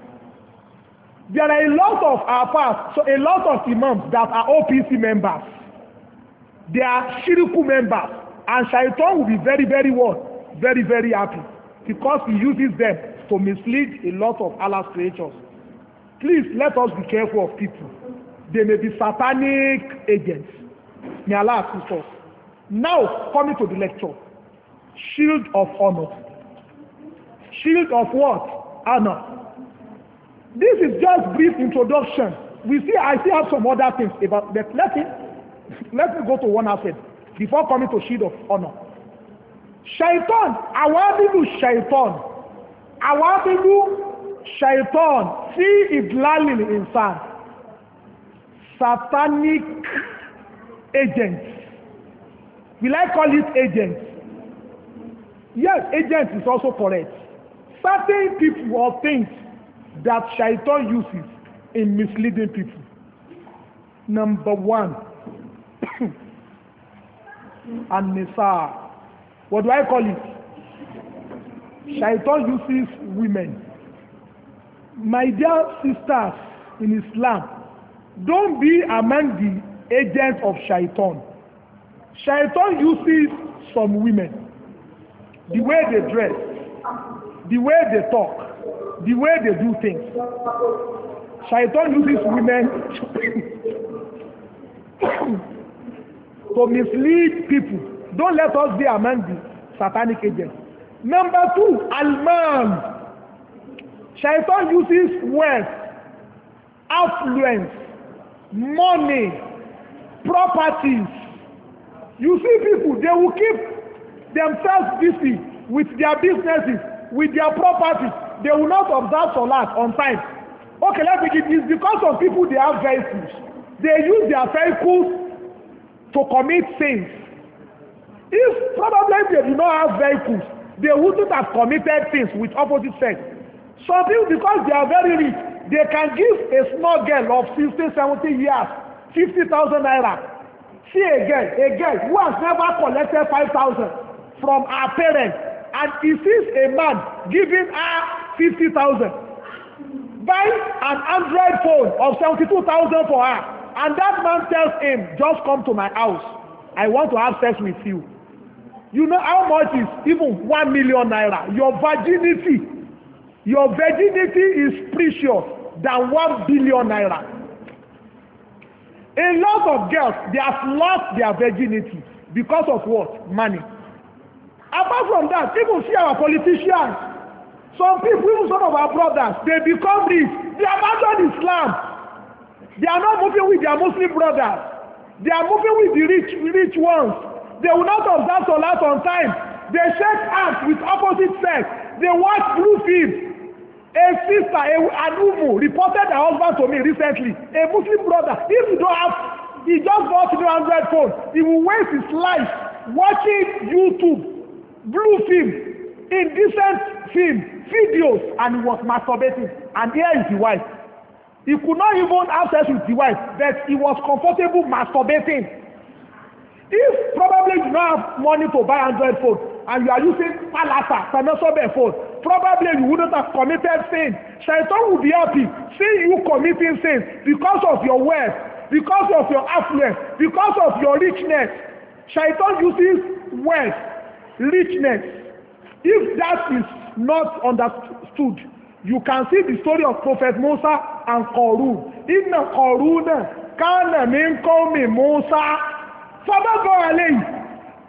There are a lot of our past, so a lot of imams that are OPC members. They are shiriku members. And Shaitan will be very, very what? Very, very happy. Because he uses them to mislead a lot of Allah's creatures. Please let us be careful of people. They may be satanic agents. May Allah assist us. Now, coming to the lecture. Shield of honor. Shield of what? Honor. This is just brief introduction. We see, I still have some other things about that. Let's see let me go to one aspect before coming to shield of honor shaitan awabibu shaitan awabibu Shaitan. See sí ìdílálì insan satanic agents will I call it agents yes agents is also correct certain people or things that shaitan uses in misleading people number one and Nisa. What do I call it? Shaitan uses women. My dear sisters in Islam, don't be among the agents of Shaitan. Shaitan uses some women. The way they dress, the way they talk, the way they do things. Shaitan uses women to mislead people. Don't let us be among the satanic agents. Number two, Alman. Shaitan uses wealth, affluence, money, properties. You see people, they will keep themselves busy with their businesses, with their properties. They will not observe last on time. Okay, let me give you. It's because of people they have vehicles. They use their vehicles to commit sins. If probably they do not have vehicles, they wouldn't have committed things with opposite sex. Some people, because they are very rich, they can give a small girl of 16, 17 years 50,000 naira. See a girl, a girl who has never collected 5,000 from her parents, and he sees a man giving her 50,000. Buy an Android phone of 72,000 for her. And that man tells him, just come to my house. I want to have sex with you. You know how much is even one million naira? Your virginity, your virginity is precious than one billion naira. A lot of girls, they have lost their virginity because of what? Money. Apart from that, people see our politicians. Some people, even some of our brothers, they become rich. They abandon Islam They are not moving with their Muslim brothers. They are moving with the rich, rich ones. They will not observe Salat on time. They shake hands with opposite sex. They watch blue films. A sister, a, an umu, reported her husband to me recently. A Muslim brother. If you don't have, he just bought 300 phone. He will waste his life watching YouTube, blue film, indecent film, videos, and he was masturbating. And here is the wife. He could not even have sex with the wife, but he was comfortable masturbating. If probably you don't have money to buy Android phone and you are using Palata, Panasobe phone, probably you wouldn't have committed sin. Shaitan would be happy seeing you committing sin because of your wealth, because of your affluence, because of your richness. Shaitan uses wealth, richness. If that is not understood, you can see the story of prophet Musa and Korun inna Koruna kana min qawmi Musa sadaqa alayhi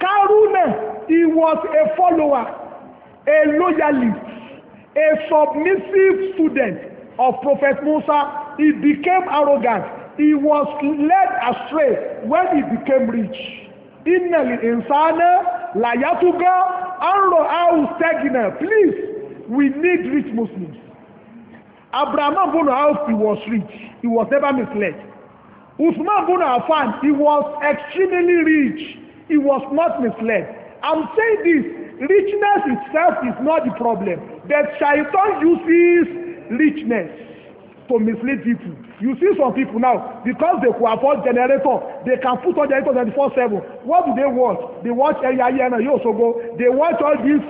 Karuna he was a follower a loyalist a submissive student of prophet Musa he became arrogant he was led astray when he became rich inna li insana la yatuga anro au stagna please we need rich Muslims Abraham bin house. he was rich. He was never misled. Usman bin Afan. he was extremely rich. He was not misled. I'm saying this, richness itself is not the problem. That shaitan uses richness to mislead people. You see some people now, because they could afford generator, they can put on generator four seven What do they watch? They watch Eya Yena Yosogo. They watch all these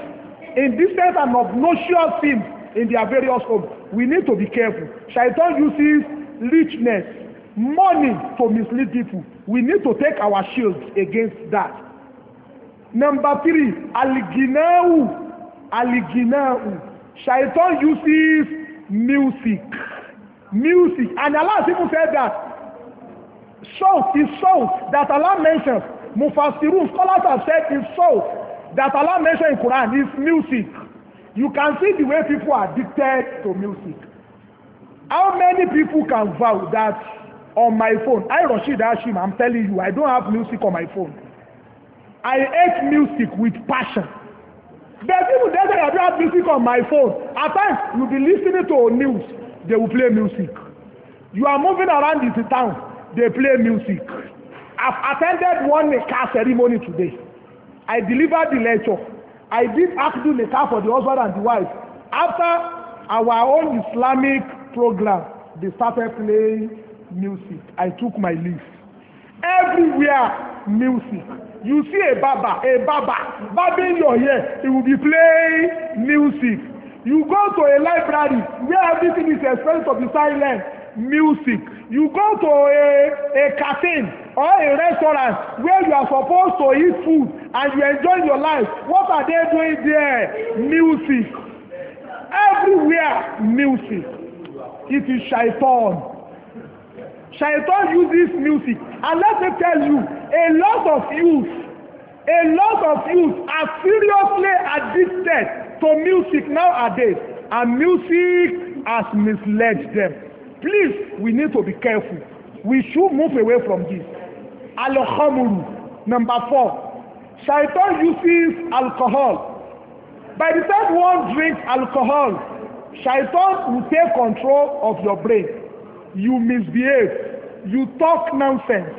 indecent and obnoxious things in their various homes. We need to be careful. Shaitan uses richness, money to mislead people. We need to take our shields against that. Number three, Aliginau. Aliginau. Shaitan uses music. Music. And Allah has even said that. Salt is salt that Allah mentions. Mufassirun scholars have said is salt that Allah mentioned in Quran is music. You can see the way people are addicted to music. How many people can vow that on my phone? I, Rashid Hashim, I'm telling you, I don't have music on my phone. I hate music with passion. There's even days that I don't have music on my phone. At times, you'll be listening to news, they will play music. You are moving around in the town, they play music. I've attended one car ceremony today. I delivered the lecture. I did Akdu Nikah for the husband and the wife. After our own Islamic program, they started playing music. I took my leave. Everywhere, music. You see a baba, a baba, bobbing your hair, he will be playing music. You go to a library where everything is expensive to be silence music. You go to a, a cafe or a restaurant where you are supposed to eat food and you enjoy your life. What are they doing there? Music. Everywhere, music. It is shaitan. Shaitan uses music. And let me tell you, a lot of youth, a lot of youth are seriously addicted to music nowadays. And music has misled them please we need to be careful we should move away from this alhamuru number four shaitan uses alcohol by the time one drinks alcohol shaitan will take control of your brain you misbehave you talk nonsense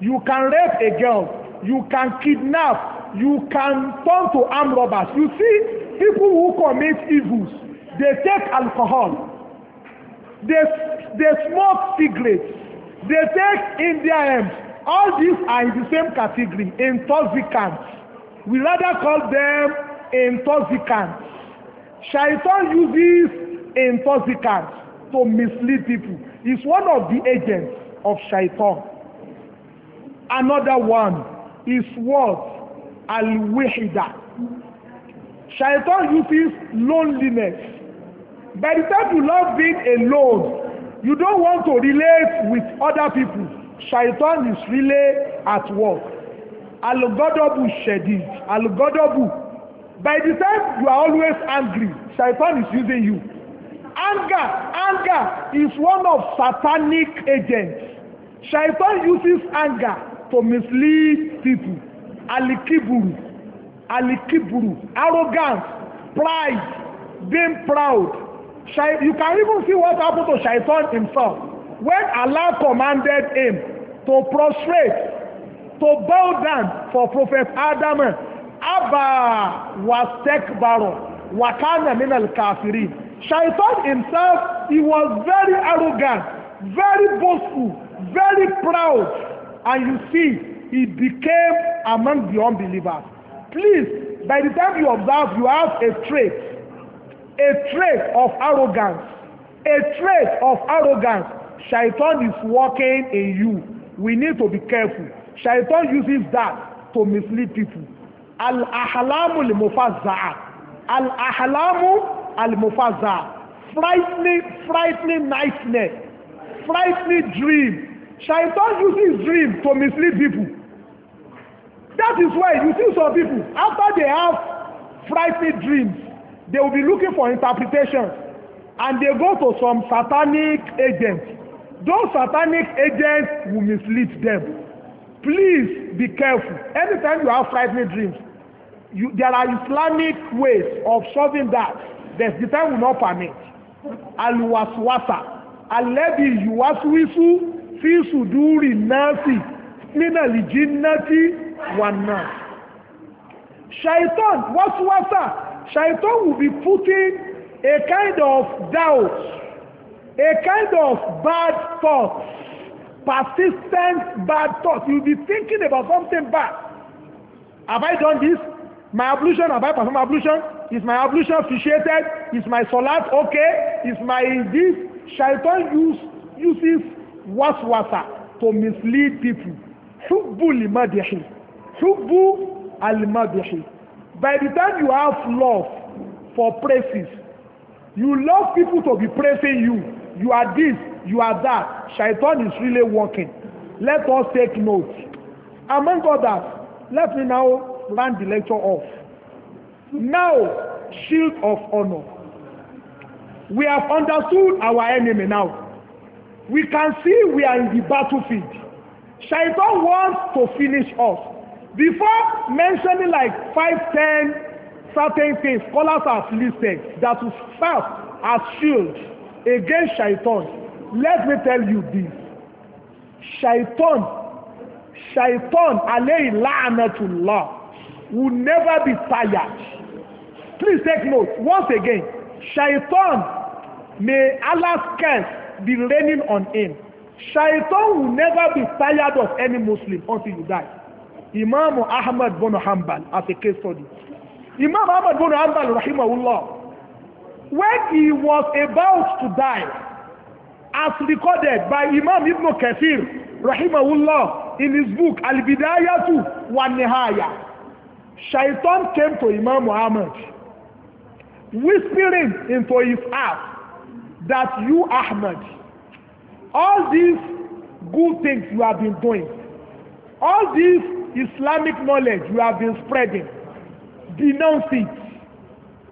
you can rape a girl you can kidnap you can turn to armed robbers you see people who commit evils they take alcohol they they smoke cigarettes, they take Indian All these are in the same category, intoxicants. We rather call them intoxicants. Shaitan uses intoxicants to mislead people. It's one of the agents of Shaitan. Another one is what? Al-Wahida. Shaitan uses loneliness. By the time you love being alone, You don't want to relate with other people. Shaitan is really at work. Al-Ghadabu Shadid. By the time you are always angry, Shaitan is using you. Anger, anger is one of satanic agents. Shaitan uses anger to mislead people. Alikiburu, alikiburu, Arrogant, pride, being proud, You can even see what happened to Shaitan himself. When Allah commanded him to prostrate, to bow down for Prophet Adam, Abba was tekbaro, wakana min al kafirin. Shaitan himself, he was very arrogant, very boastful, very proud. And you see, he became among the unbelievers. Please, by the time you observe, you have a trait a trait of arrogance a trait of arrogance shaitan is working in you we need to be careful shaitan uses that to mislead people al ahalamu al-mufazza'a al ahalamu al-mufazza'a frightening frightening nightmare frightening dream shaitan uses dream to mislead people that is why you see some people after they have frightening dreams They will be looking for interpretations and they go to some satanic agents. Those satanic agents will mislead them. Please be careful. Anytime you have frightening dreams, you, there are Islamic ways of solving that. There's the time will not permit. Al-waswasa. Al-lebi yuwaswisu fi suduri nasi mina lijinnati wa Shaitan, waswasa, Shaitan will be putting a kind of doubt, a kind of bad thought, persistent bad thoughts. You'll be thinking about something bad. Have I done this? My ablution, have I performed ablution? Is my ablution officiated? Is my salat okay? Is my this? Shaitan use, uses waswasa to mislead people. حب المدح حب المدح By the time you have love for praises, you love people to be praising you. You are this, you are that. Shaitan is really working. Let us take note. Among others, let me now round the lecture off. Now, shield of honor. We have understood our enemy now. We can see we are in the battlefield. Shaitan wants to finish us. Before mentioning like five, ten certain things scholars have listed that to serve as shield against shaitan, let me tell you this. Shaitan, shaitan, alayhi la'anatullah, will never be tired. Please take note, once again, shaitan, may Allah's curse be raining on him. Shaitan will never be tired of any Muslim until you die. Imam ahmed bono hanbal as a case study Imam ahmed bono hanbal rahimahullah when he was about to die as recorded by imam ibn kathir rahimahullah in his book al-bidayatu wa nihaya shaitan came to imam muhammad whispering into his heart that you ahmed all these good things you have been doing all these Islamic knowledge you have been spreading, denounce it.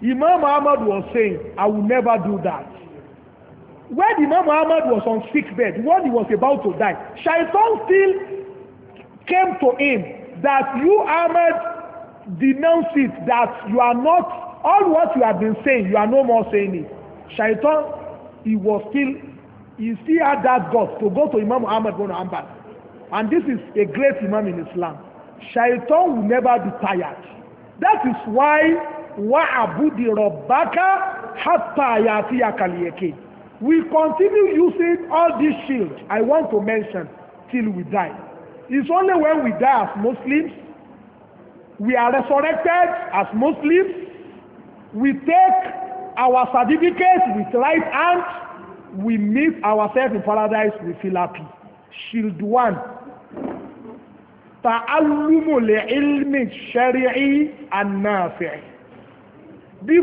Imam Ahmad was saying, I will never do that. When Imam Ahmad was on sick bed, when he was about to die, Shaitan still came to him that you, Ahmad, denounce it, that you are not, all what you have been saying, you are no more saying it. Shaitan, he was still, he still had that God to go to Imam Ahmad bin Hanbal. And this is a great Imam in Islam. Shaitan will never be tired. That is why wa'abudi rabbaka hatta ya'tiyaka al-yaqin. We continue using all these shields I want to mention till we die. It's only when we die as Muslims, we are resurrected as Muslims, we take our certificate with right hand, we meet ourselves in paradise We feel happy. Shield one ta'allumu li ilmi shari'i and nafi' the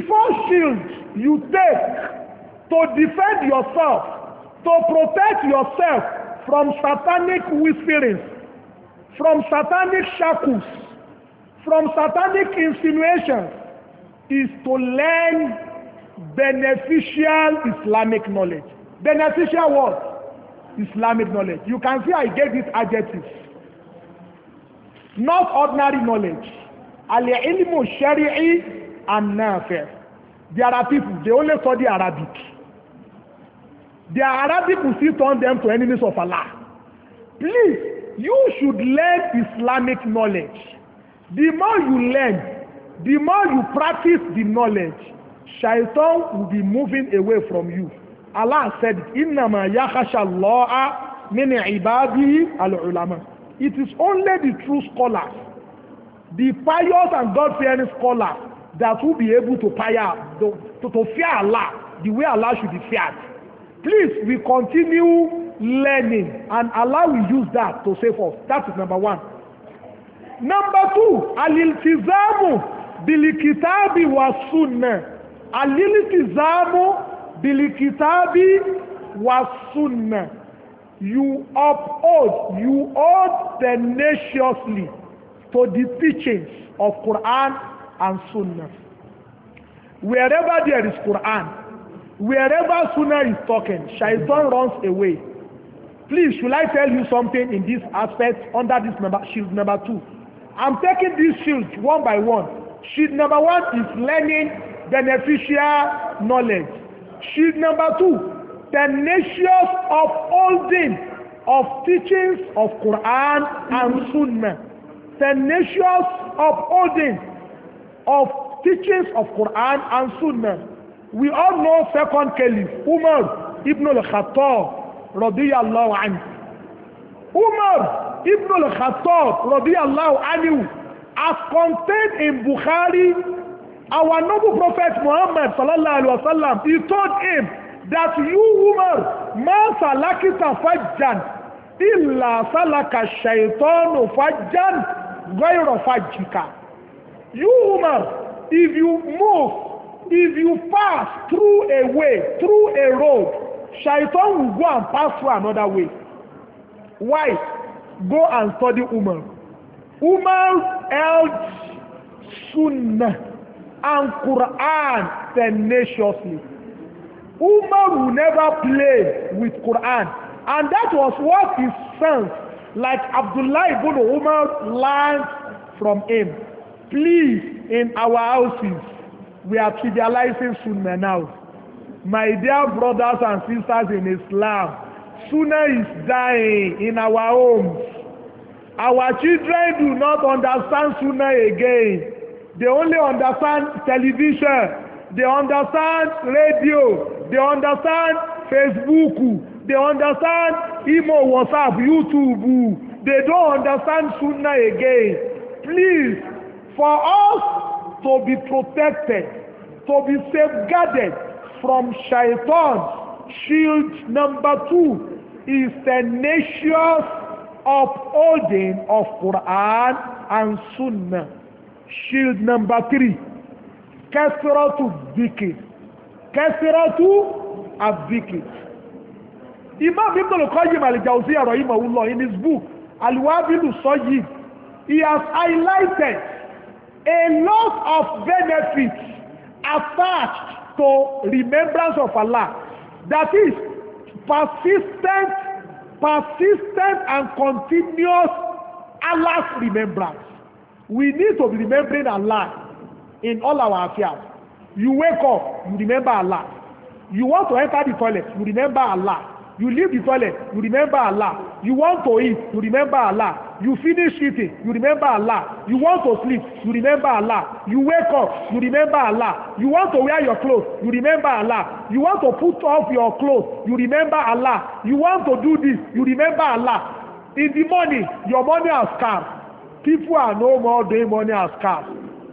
shield you take to defend yourself to protect yourself from satanic whisperings from satanic shackles from satanic insinuations is to learn beneficial Islamic knowledge beneficial what Islamic knowledge you can see I get these adjectives not ordinary knowledge al-ilmu shari'i and nafi' there are people they only study Arabic their Arabic will still turn them to enemies of Allah please you should learn Islamic knowledge the more you learn the more you practice the knowledge shaitan will be moving away from you Allah said innama yakhasha Allah min ibadihi al-ulama it is only the true scholars the pious and God-fearing scholars that will be able to fire to, to, to fear Allah the way Allah should be feared please we continue learning and Allah will use that to save us that is number one number two aliltizamu bilikitabi wa sunna aliltizamu bilikitabi wa sunna you uphold, you hold tenaciously to the teachings of Quran and Sunnah. Wherever there is Quran, wherever Sunnah is talking, Shaitan runs away. Please, should I tell you something in this aspect under this number, shield number two? I'm taking these shields one by one. Shield number one is learning beneficial knowledge. Shield number two tenacious of upholding of teachings of Quran and Sunnah tenacious of upholding of teachings of Quran and Sunnah we all know second caliph Umar ibn al-Khattab radiyallahu anhu Umar ibn al-Khattab radiyallahu anhu as contained in Bukhari our noble prophet Muhammad sallallahu alaihi wasallam he told him that you woman máa sàlákìtà fàjàn ìlà sálàkà ṣàìtọ́nù fàjàn gọ́ìrọ̀ fàjìkà you woman if you move if you pass through a way through a road shaitan will go and pass through another way why go and study woman woman held sunnah and quran tenaciously Umar will never play with Quran. And that was what his sons, like Abdullah ibn Umar, learned from him. Please, in our houses, we are trivializing Sunnah now. My dear brothers and sisters in Islam, Sunnah is dying in our homes. Our children do not understand Sunnah again. They only understand television. They understand radio they understand facebook they understand imo whatsapp youtube they don't understand sunnah again please for us to be protected to be safeguarded from shaitan shield number two is tenacious upholding of Quran and Sunnah. Shield number three, Kasratu Dhikr kẹsìrọ́tú àbíkì Imam Ibn al-Qayyim al-Jawziyya rahimahullah in his book Al-Wabil Sayyid he has highlighted a lot of benefits attached to remembrance of Allah that is persistent persistent and continuous Allah's remembrance we need to be remembering Allah in all our affairs You wake up, you remember Allah. You want to enter the toilet, you remember Allah. You leave the toilet, you remember Allah. You want to eat, you remember Allah. You finish eating, you remember Allah. You want to sleep, you remember Allah. You wake up, you remember Allah. You want to wear your clothes, you remember Allah. You want to put off your clothes, you remember Allah. You want to do this, you remember Allah. In the morning, your money has come. People are no more doing money as cash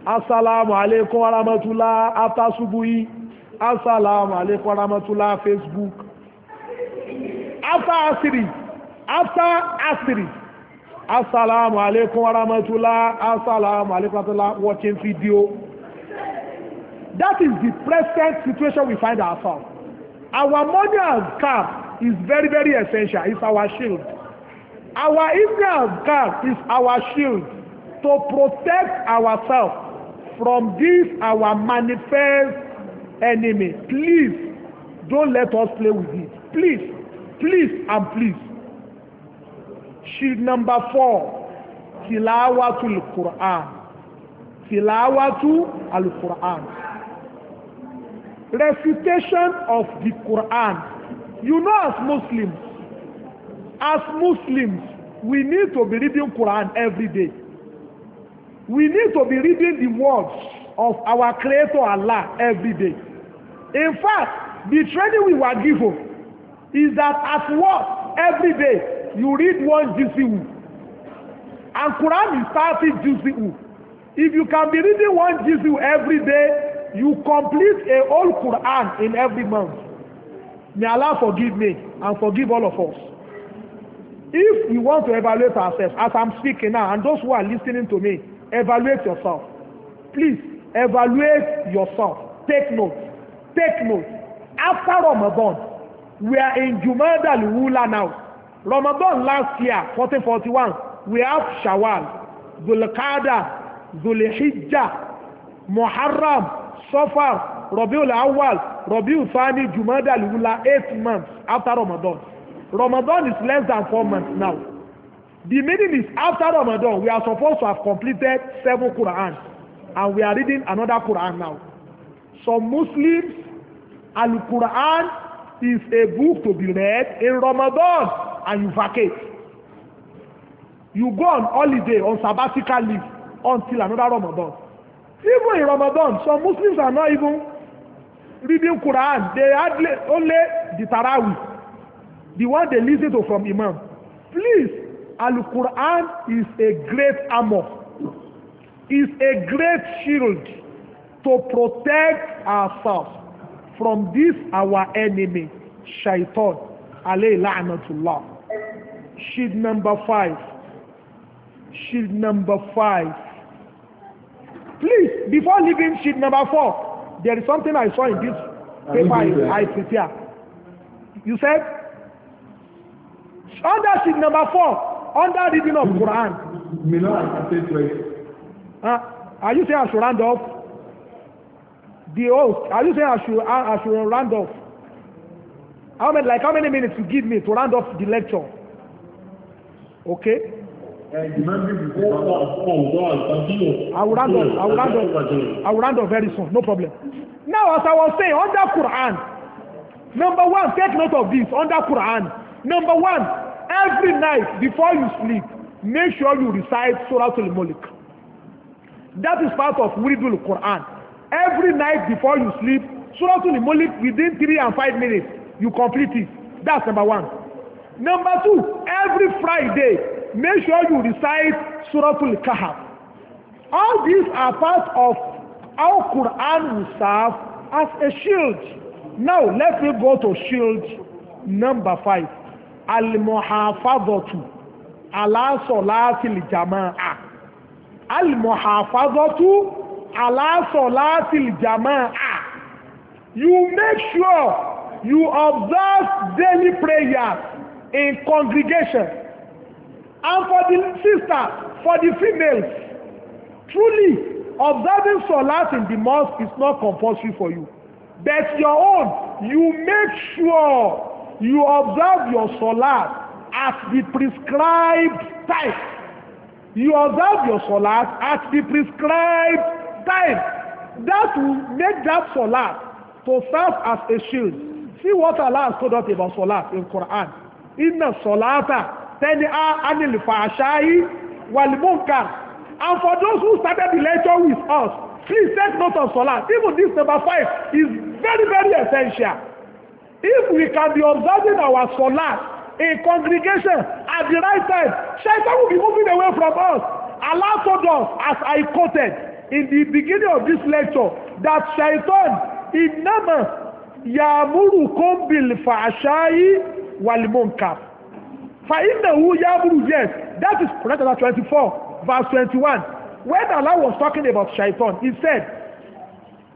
assalamu alaikum warahmatullah after subuhi assalamu alaikum warahmatullah facebook after asiri after asiri assalamu alaikum warahmatullah assalamu alaikum watching video that is the present situation we find ourselves our money and car is very very essential it's our shield our evening and car is our shield to protect ourselves from this our manifest enemy please don't let us play with it please please and please sheet number four tilawatul quran tilawatu al quran recitation of the quran you know as muslims as muslims we need to be reading quran every day We need to be reading the words of our Creator Allah every day. In fact, the training we were given is that at work every day you read one GCU. And Quran is 30 GCU. If you can be reading one GCU every day, you complete a whole Quran in every month. May Allah forgive me and forgive all of us. If we want to evaluate ourselves, as I'm speaking now, and those who are listening to me, evaluate yourself please evaluate yourself take note take note after Ramadan we are in Jumada al-Ula now Ramadan last year fourteen forty one, we have Shawwal Zulqada, Zulhijjah, dhul Muharram Safar Rabiul Awwal Rabiul fani Jumada al-Ula 8 months after Ramadan Ramadan is less than four months now The meaning is after Ramadan, we are supposed to have completed seven Quran. And we are reading another Quran now. Some Muslims, Al-Quran is a book to be read in Ramadan and you vacate. You go on holiday, on sabbatical leave until another Ramadan. Even in Ramadan, some Muslims are not even reading Quran. They hardly only the Tarawih, the one they listen to from Imam. Please, Al-Quran is a great armor, is a great shield to protect ourselves from this our enemy, Shaitan, alayhi la'natullah. Shield number five. Shield number five. Please, before leaving shield number four, there is something I saw in this paper I, I prepare. You said? Under shield number four, under reading of hmm. Quran. Uh, are you saying I should round off? The oath. Are you saying I should, I, I should round off? How many, like how many minutes you give me to round off the lecture? Okay? Eh, I will round off. I will round off. I will round off very soon. No problem. Now, as I was saying, under Quran, number one, take note of this. Under Quran, number one, every night before you sleep make sure you recite surah al-mulk that is part of wiridul quran every night before you sleep surah al-mulk within three and five minutes you complete it that's number one number two every friday make sure you recite surah al-kahf all these are part of how quran will serve as a shield now let me go to shield number five alimohafadọ̀tù aláṣọ̀láàtìl jàmáà alimohafadọ̀tù aláṣọ̀láàtìl jàmáà you make sure you observe daily prayers in congregation and for the sisters for the females truly observing salat in the mosque is not compulsory for you but your own you make sure you observe your salat at the prescribed time. You observe your salat at the prescribed time. That will make that salat to serve as a shield. See what Allah has told us about salat in Quran. Inna salata tani'a anil fahsha'i wal munkar. And for those who started the lecture with us, please take note of salat. Even this number five is very, very essential if we can be observing our salat in congregation at the right time shaitan will be moving away from us Allah told us as I quoted in the beginning of this lecture that shaitan innama ya'murukum bil fahsha'i wal munkar fa innahu ya'muru yes that is correct verse twenty-four, verse twenty-one, when Allah was talking about shaitan he said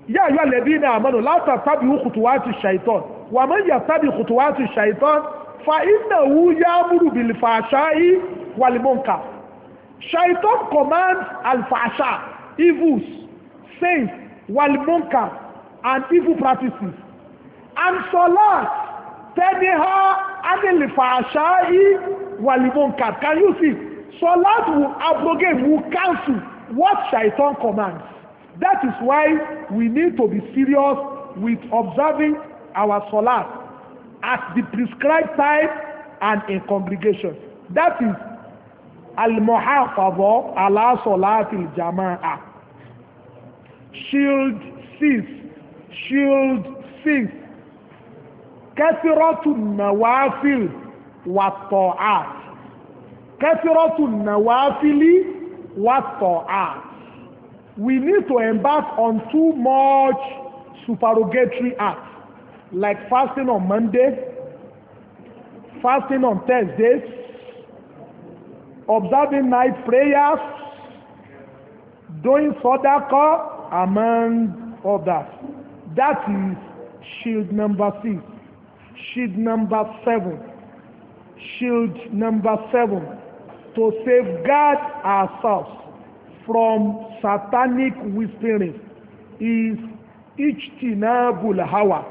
ya ayyuhalladhina amanu la tattabi'u khutuwati shaitan wà mọ́ yàtàbí kùtùwàtù ṣàìtàn fa ìnáwó yámúrù bìlìfàṣáì wàlìmọ́ǹkà ṣàìtàn commands alfàṣà evils sins wàlìmọ́ǹkà and evil practices and salat tẹ́niha anilfàṣáì wàlìmọ́ǹkà can you see salat will abrogate will cancel what shaitan commands that is why we need to be serious with observing our salah at the prescribed time and in congregation. That is al-muhafaza ala salatil jama'ah. Shield six, shield six. Kẹ́sìrọ́tù nawafil wà tọ̀ àt. Kẹ́sìrọ́tù nàwáfílì wà We need to embark on too much supererogatory acts like fasting on Monday, fasting on Thursdays, observing night prayers, doing sadaqah, among all That That is shield number six. Shield number seven. Shield number seven. To safeguard ourselves from satanic whispering is each ijtinabul hawa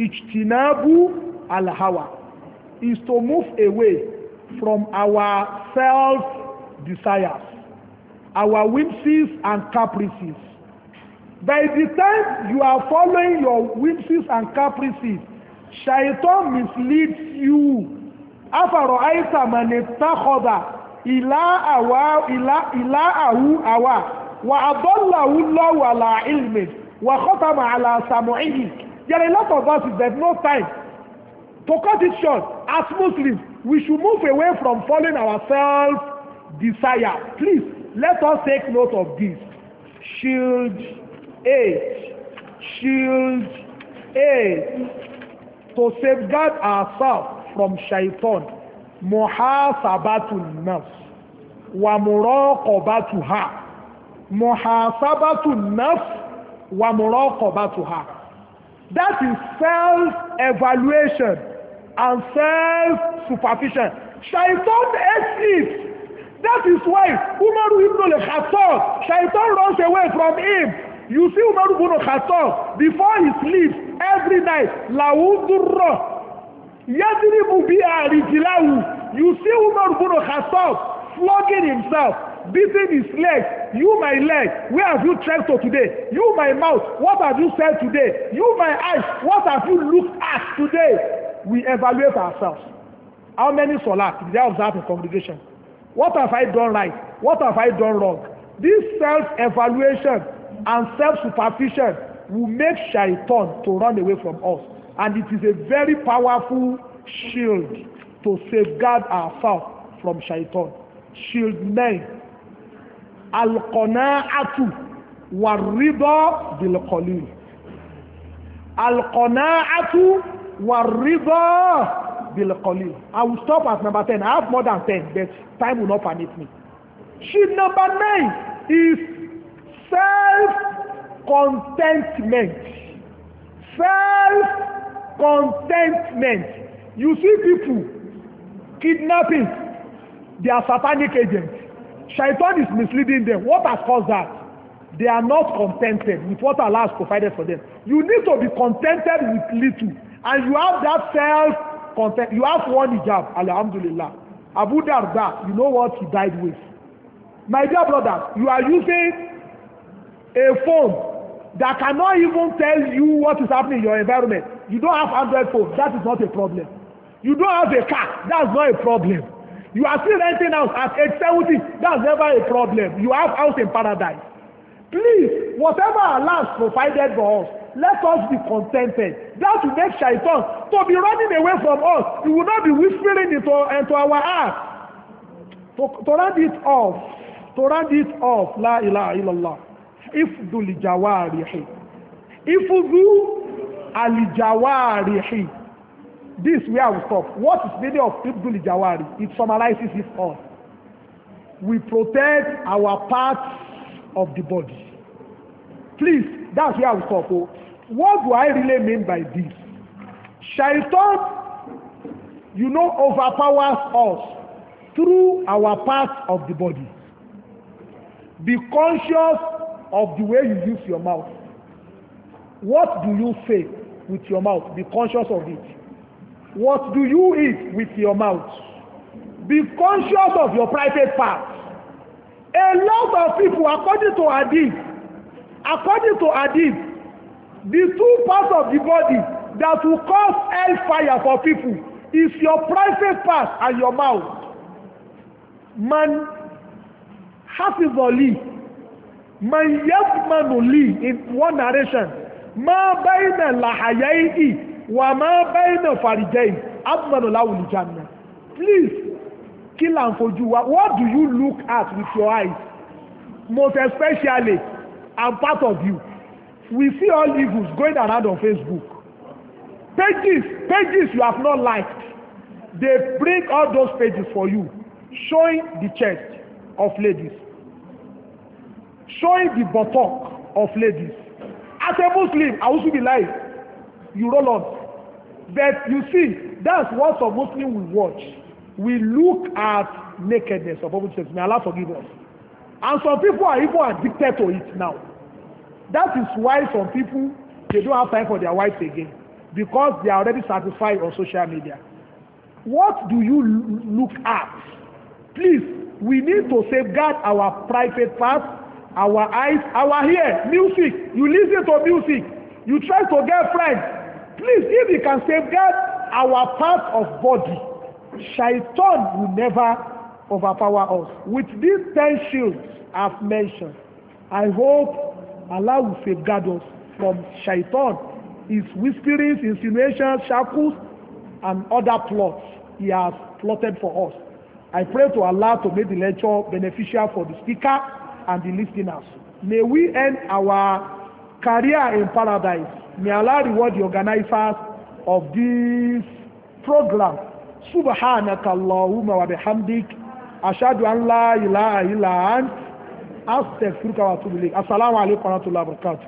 ijtinabu alhawa is to move away from our self desires our whimsies and caprices by the time you are following your whimsies and caprices shaitan misleads you أفرأيت من اتخذ إلهه هواه وأضله الله على علمه وختم على سمعه There are a lot of us, there's no time. To cut it short, as Muslims, we should move away from following our self-desire. Please, let us take note of this. Shield age. Shield age. To safeguard ourselves from shaitan. Muhasabatun nafs. Wa muraqabatuha. Muhasabatun nafs. Wa muraqabatuha that is self-evaluation and self superficial shaitan hates that is why Umar ibn al-Khattab shaitan runs away from him you see Umar ibn al-Khattab before he sleeps every night lawudurra yadribu bi arijilahu you see Umar ibn al-Khattab flogging himself beating his leg, you my leg where have you trekked to today you my mouth what have you said today you my eyes what have you looked at today we evaluate ourselves how many salat did I observe in congregation what have I done right what have I done wrong this self-evaluation and self-supervision will make shaitan to run away from us and it is a very powerful shield to safeguard ourselves from shaitan shield men alkọ̀náàtù wà rídọ́ bìlọ̀kọ̀lì alkọ̀náàtù wà rídọ́ bìlọ̀kọ̀lì I will stop at number ten I have more than ten but time will not permit me sheet number nine is self-contentment self-contentment you see people kidnapping their satanic agents Shaitan is misleading them. What has caused that? They are not contented with what Allah has provided for them. You need to be contented with little. And you have that self content. You have one hijab, Alhamdulillah. Abu Darda, you know what he died with. My dear brother, you are using a phone that cannot even tell you what is happening in your environment. You don't have Android phone. That is not a problem. You don't have a car. That is not a problem. You are still renting house at age 70. That's never a problem. You have house in paradise. Please, whatever Allah provided for us, let us be contented. That will make shaitan to be running away from us. He will not be whispering into, into our heart. To, to round it off, to round it off, la ilaha illallah. Ifdu li jawarihi. Ifdu al jawarihi. This where I will stop. What is the meaning of Ibdul Jawari? It summarizes it all. We protect our parts of the body. Please, that's where we will stop. Oh. What do I really mean by this? Shaitan, you know, overpowers us through our parts of the body. Be conscious of the way you use your mouth. What do you say with your mouth? Be conscious of it. What do you eat with your mouth? Be conscious of your private part. A lot of people, according to Hadith, according to Hadith, the two parts of the body that will cause hellfire for people is your private part and your mouth. Man, hafizoli, man yes, man yasmanuli in one narration, ma bayna lahayai'i wà máa bẹ́ẹ̀ náà fàrìjẹ́ yìí abúmọ̀nà láwùlì jàǹdà please kí là ń fojú wa what do you look at with your eyes most especially I'm part of you we see all evils going around on Facebook pages pages you have not liked they bring all those pages for you showing the chest of ladies showing the buttock of ladies as a Muslim I also be like you roll on But you see, that's what some Muslims will watch. We look at nakedness of opposite sex. May Allah forgive us. And some people are even addicted to it now. That is why some people, they don't have time for their wives again. Because they are already satisfied on social media. What do you look at? Please, we need to safeguard our private parts, our eyes, our ear, music. You listen to music. You try to get friends. Please, if you can safeguard our part of body, shaitan will never overpower us. With these ten shields I've mentioned, I hope Allah will safeguard us from shaitan, his whisperings, insinuations, shackles, and other plots he has plotted for us. I pray to Allah to make the lecture beneficial for the speaker and the listeners. May we end our career in paradise May Allah reward the organizers of this program. Subhanaka Allahumma wa bihamdik. Ashadu an la ilaha illa ant. Astaghfiruka wa atubu ilayk. Assalamu alaikum wa rahmatullahi wa barakatuh.